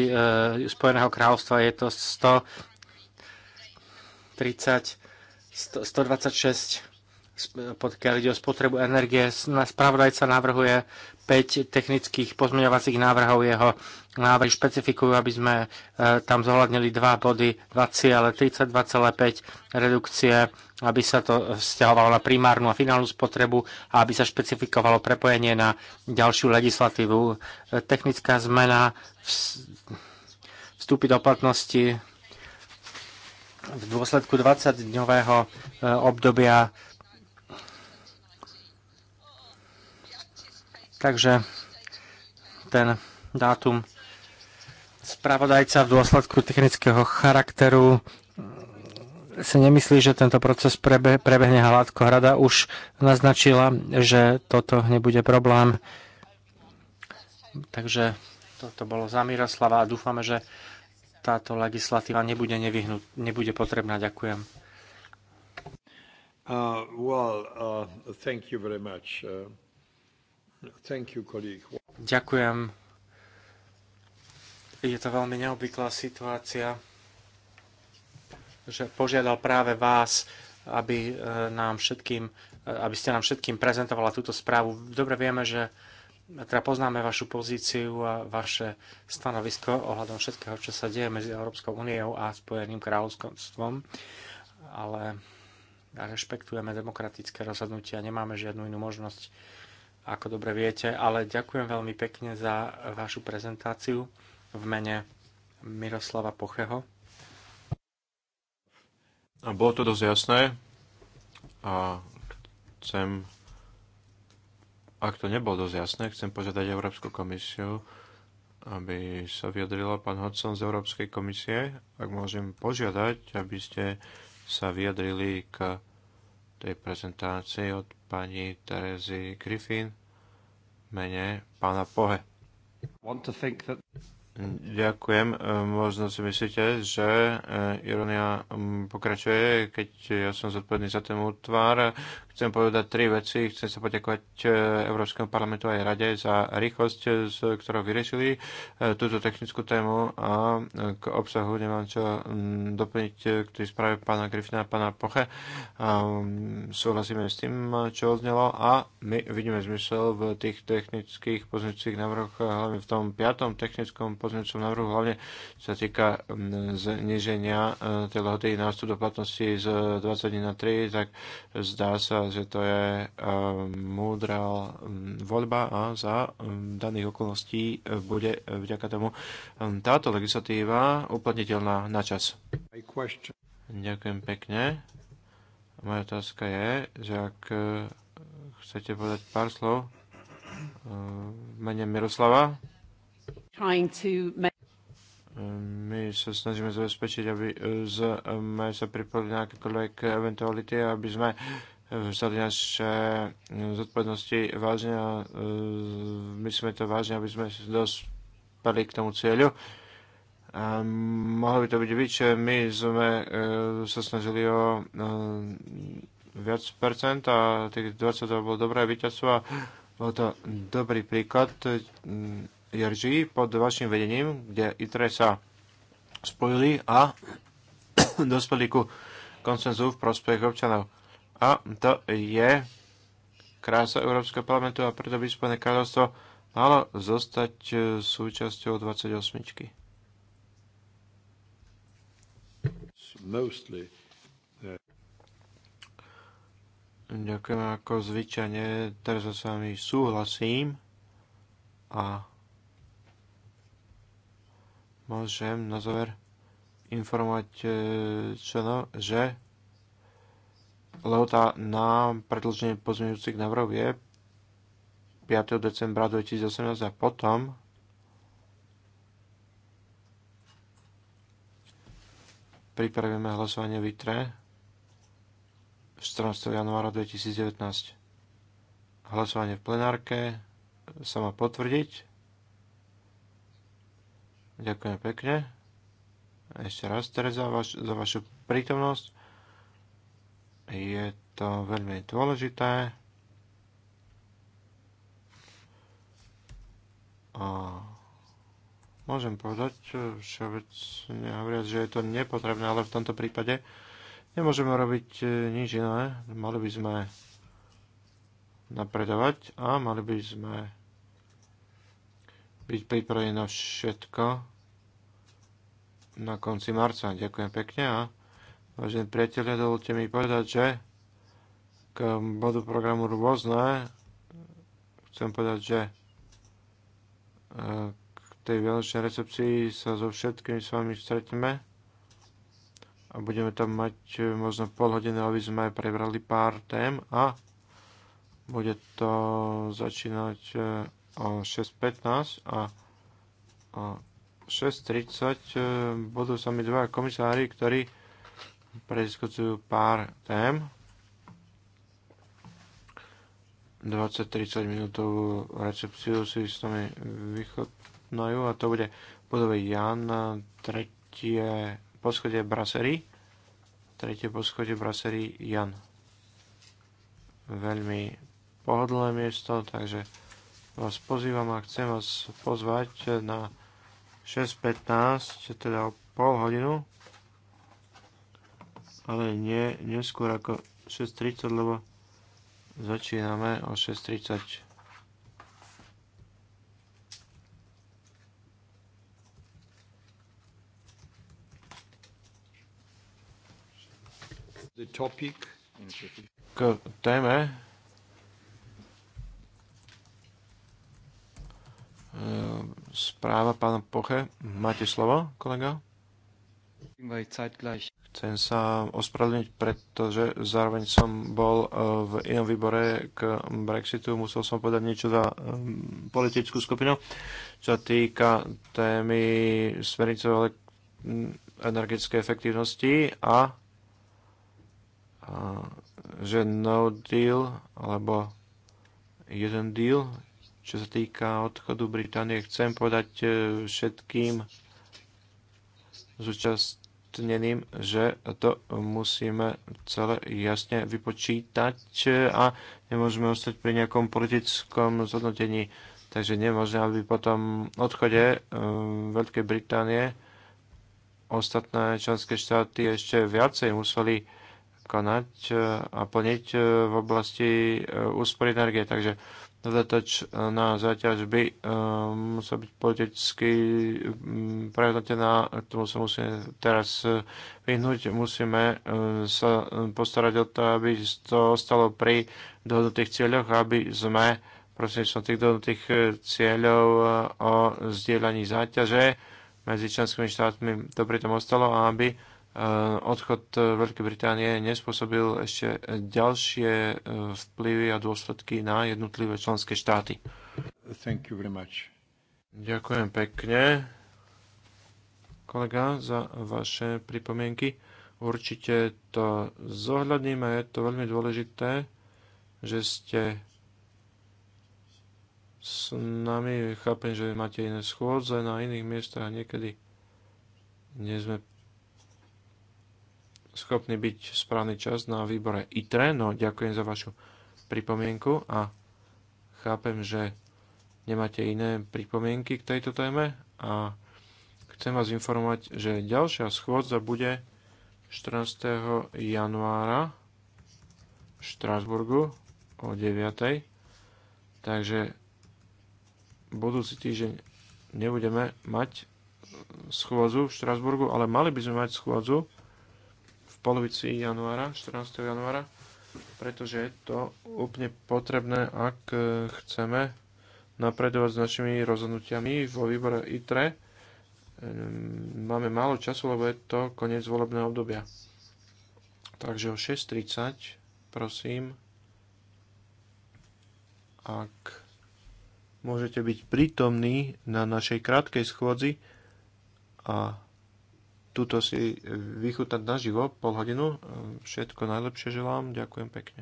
Spojeného kráľovstva je to 100 30, 126, pokiaľ ide o spotrebu energie. Spravodajca navrhuje 5 technických pozmeňovacích návrhov. Jeho návrhy špecifikujú, aby sme e, tam zohľadnili dva body, 2 ciele, 32,5 redukcie, aby sa to vzťahovalo na primárnu a finálnu spotrebu a aby sa špecifikovalo prepojenie na ďalšiu legislatívu. E, technická zmena vstúpi do platnosti v dôsledku 20-dňového e, obdobia. Takže ten dátum spravodajca v dôsledku technického charakteru e, si nemyslí, že tento proces prebe, prebehne hladko. Rada už naznačila, že toto nebude problém. Takže toto bolo za Miroslava a dúfame, že táto legislatíva nebude, nevyhnut, nebude potrebná. Ďakujem. Uh, well, uh, thank you very much. Uh, thank you, colleague. Ďakujem. Je to veľmi neobvyklá situácia, že požiadal práve vás, aby, uh, nám všetkým, uh, aby ste nám všetkým prezentovala túto správu. Dobre vieme, že teda poznáme vašu pozíciu a vaše stanovisko ohľadom všetkého, čo sa deje medzi Európskou úniou a Spojeným kráľovstvom, ale rešpektujeme demokratické rozhodnutia, nemáme žiadnu inú možnosť, ako dobre viete, ale ďakujem veľmi pekne za vašu prezentáciu v mene Miroslava Pocheho. A bolo to dosť jasné a chcem ak to nebolo dosť jasné, chcem požiadať Európsku komisiu, aby sa vyjadrila pán Hodson z Európskej komisie. Ak môžem požiadať, aby ste sa vyjadrili k tej prezentácii od pani Terezy Griffin mene pána Pohe. Ďakujem. Možno si myslíte, že eh, ironia mm, pokračuje, keď ja som zodpovedný za ten útvar, Chcem povedať tri veci. Chcem sa poďakovať e, Európskemu parlamentu aj Rade za rýchlosť, e, z ktorou vyriešili e, túto technickú tému a k obsahu nemám čo doplniť k tej správe pána Griffina a pána Poche. Súhlasíme s tým, čo odznelo a my vidíme zmysel v tých technických pozmeňujúcich návrhoch, hlavne v tom piatom technickom pozmeňujúcom návrhu, hlavne sa týka zniženia tej lehoty nástup do platnosti z 20 dní na 3, tak zdá sa že to je eh, múdra mm, voľba a za mm, daných okolností eh, bude eh, vďaka tomu mm, táto legislatíva uplatniteľná na čas. Ďakujem pekne. Moja otázka je, že ak chcete povedať pár slov uh, mene Miroslava, my sa snažíme zabezpečiť, aby sme sa pripojili na akékoľvek eventuality, aby sme vzali naše eh, zodpovednosti vážne a eh, myslíme to vážne, aby sme dospeli k tomu cieľu. A mohlo by to byť vyššie. Eh, my sme sa snažili o viac percent a tých 20 to bolo dobré víťazstvo a bol to dobrý príklad Jerží pod vašim vedením, kde ITRE sa spojili a dospeli ku koncenzu v prospech občanov. A to je krása Európskeho parlamentu a preto by Spojené kráľovstvo malo zostať e, súčasťou 28. Mostly. E, ďakujem ako zvyčajne, teraz sa s vami súhlasím a môžem na záver informovať e, členov, že Lehota na predlženie pozmeňujúcich návrhov je 5. decembra 2018 a potom pripravíme hlasovanie VITRE 14. januára 2019. Hlasovanie v plenárke sa má potvrdiť. Ďakujem pekne. ešte raz, Tereza, za vašu prítomnosť. Je to veľmi dôležité. A môžem povedať vec hovoriac, že je to nepotrebné, ale v tomto prípade nemôžeme robiť e, nič iné. Mali by sme napredovať a mali by sme byť pripravení na všetko na konci marca. Ďakujem pekne a Vážení priatelia, dovolte mi povedať, že k bodu programu rôzne chcem povedať, že eh, k tej vianočnej recepcii sa so všetkými s vami stretneme a budeme tam mať eh, možno pol hodiny, aby sme prebrali pár tém a bude to začínať eh, o 6.15 a o 6.30 budú sami dva komisári, ktorí prediskutujú pár tém. 20-30 minútovú recepciu si s nami vychotnajú a to bude v budove Jan, tretie poschodie Brasery. Tretie poschodie Brasery Jan. Veľmi pohodlné miesto, takže vás pozývam a chcem vás pozvať na 6.15, teda o pol hodinu ale nie neskôr ako 6.30, lebo začíname o 6.30. K téme ehm, správa pána Poche. Máte slovo, kolega? Chcem sa ospravedlniť, pretože zároveň som bol e, v inom výbore k Brexitu. Musel som povedať niečo za e, politickú skupinu, čo týka témy smernice energetické energetickej efektívnosti a, a že no deal alebo jeden deal, čo sa týka odchodu Británie. Chcem povedať e, všetkým zúčastným opodstatneným, že to musíme celé jasne vypočítať a nemôžeme ostať pri nejakom politickom zhodnotení. Takže nemôžeme, aby potom odchode eh, Veľkej Británie ostatné členské štáty ešte viacej museli konať eh, a plniť eh, v oblasti úspory energie. Takže E, na záťaž by um, e, musela byť politicky um, prehodnotená, tomu sa musíme teraz e, vyhnúť. Musíme um, sa postarať o to, aby to ostalo pri dohodnutých cieľoch, aby sme som tých dohodnutých cieľov o zdieľaní záťaže medzi členskými štátmi to pritom ostalo a aby odchod e, Veľkej Británie nespôsobil ešte ďalšie e, vplyvy a dôsledky na jednotlivé členské štáty. Thank you very much. Ďakujem pekne, kolega, za vaše pripomienky. Určite to zohľadníme, je to veľmi dôležité, že ste s nami, chápem, že máte iné schôdze na iných miestach a niekedy nie sme schopný byť správny čas na výbore ITRE. No, ďakujem za vašu pripomienku a chápem, že nemáte iné pripomienky k tejto téme a chcem vás informovať, že ďalšia schôdza bude 14. januára v Štrásburgu o 9. Takže budúci týždeň nebudeme mať schôdzu v Štrásburgu, ale mali by sme mať schôdzu polovici januára, 14. januára, pretože je to úplne potrebné, ak e, chceme napredovať s našimi rozhodnutiami vo výbore ITRE. E, máme málo času, lebo je to koniec volebného obdobia. Takže o 6.30, prosím, ak môžete byť prítomní na našej krátkej schôdzi a túto si vychutnať naživo pol hodinu. Všetko najlepšie želám. Ďakujem pekne.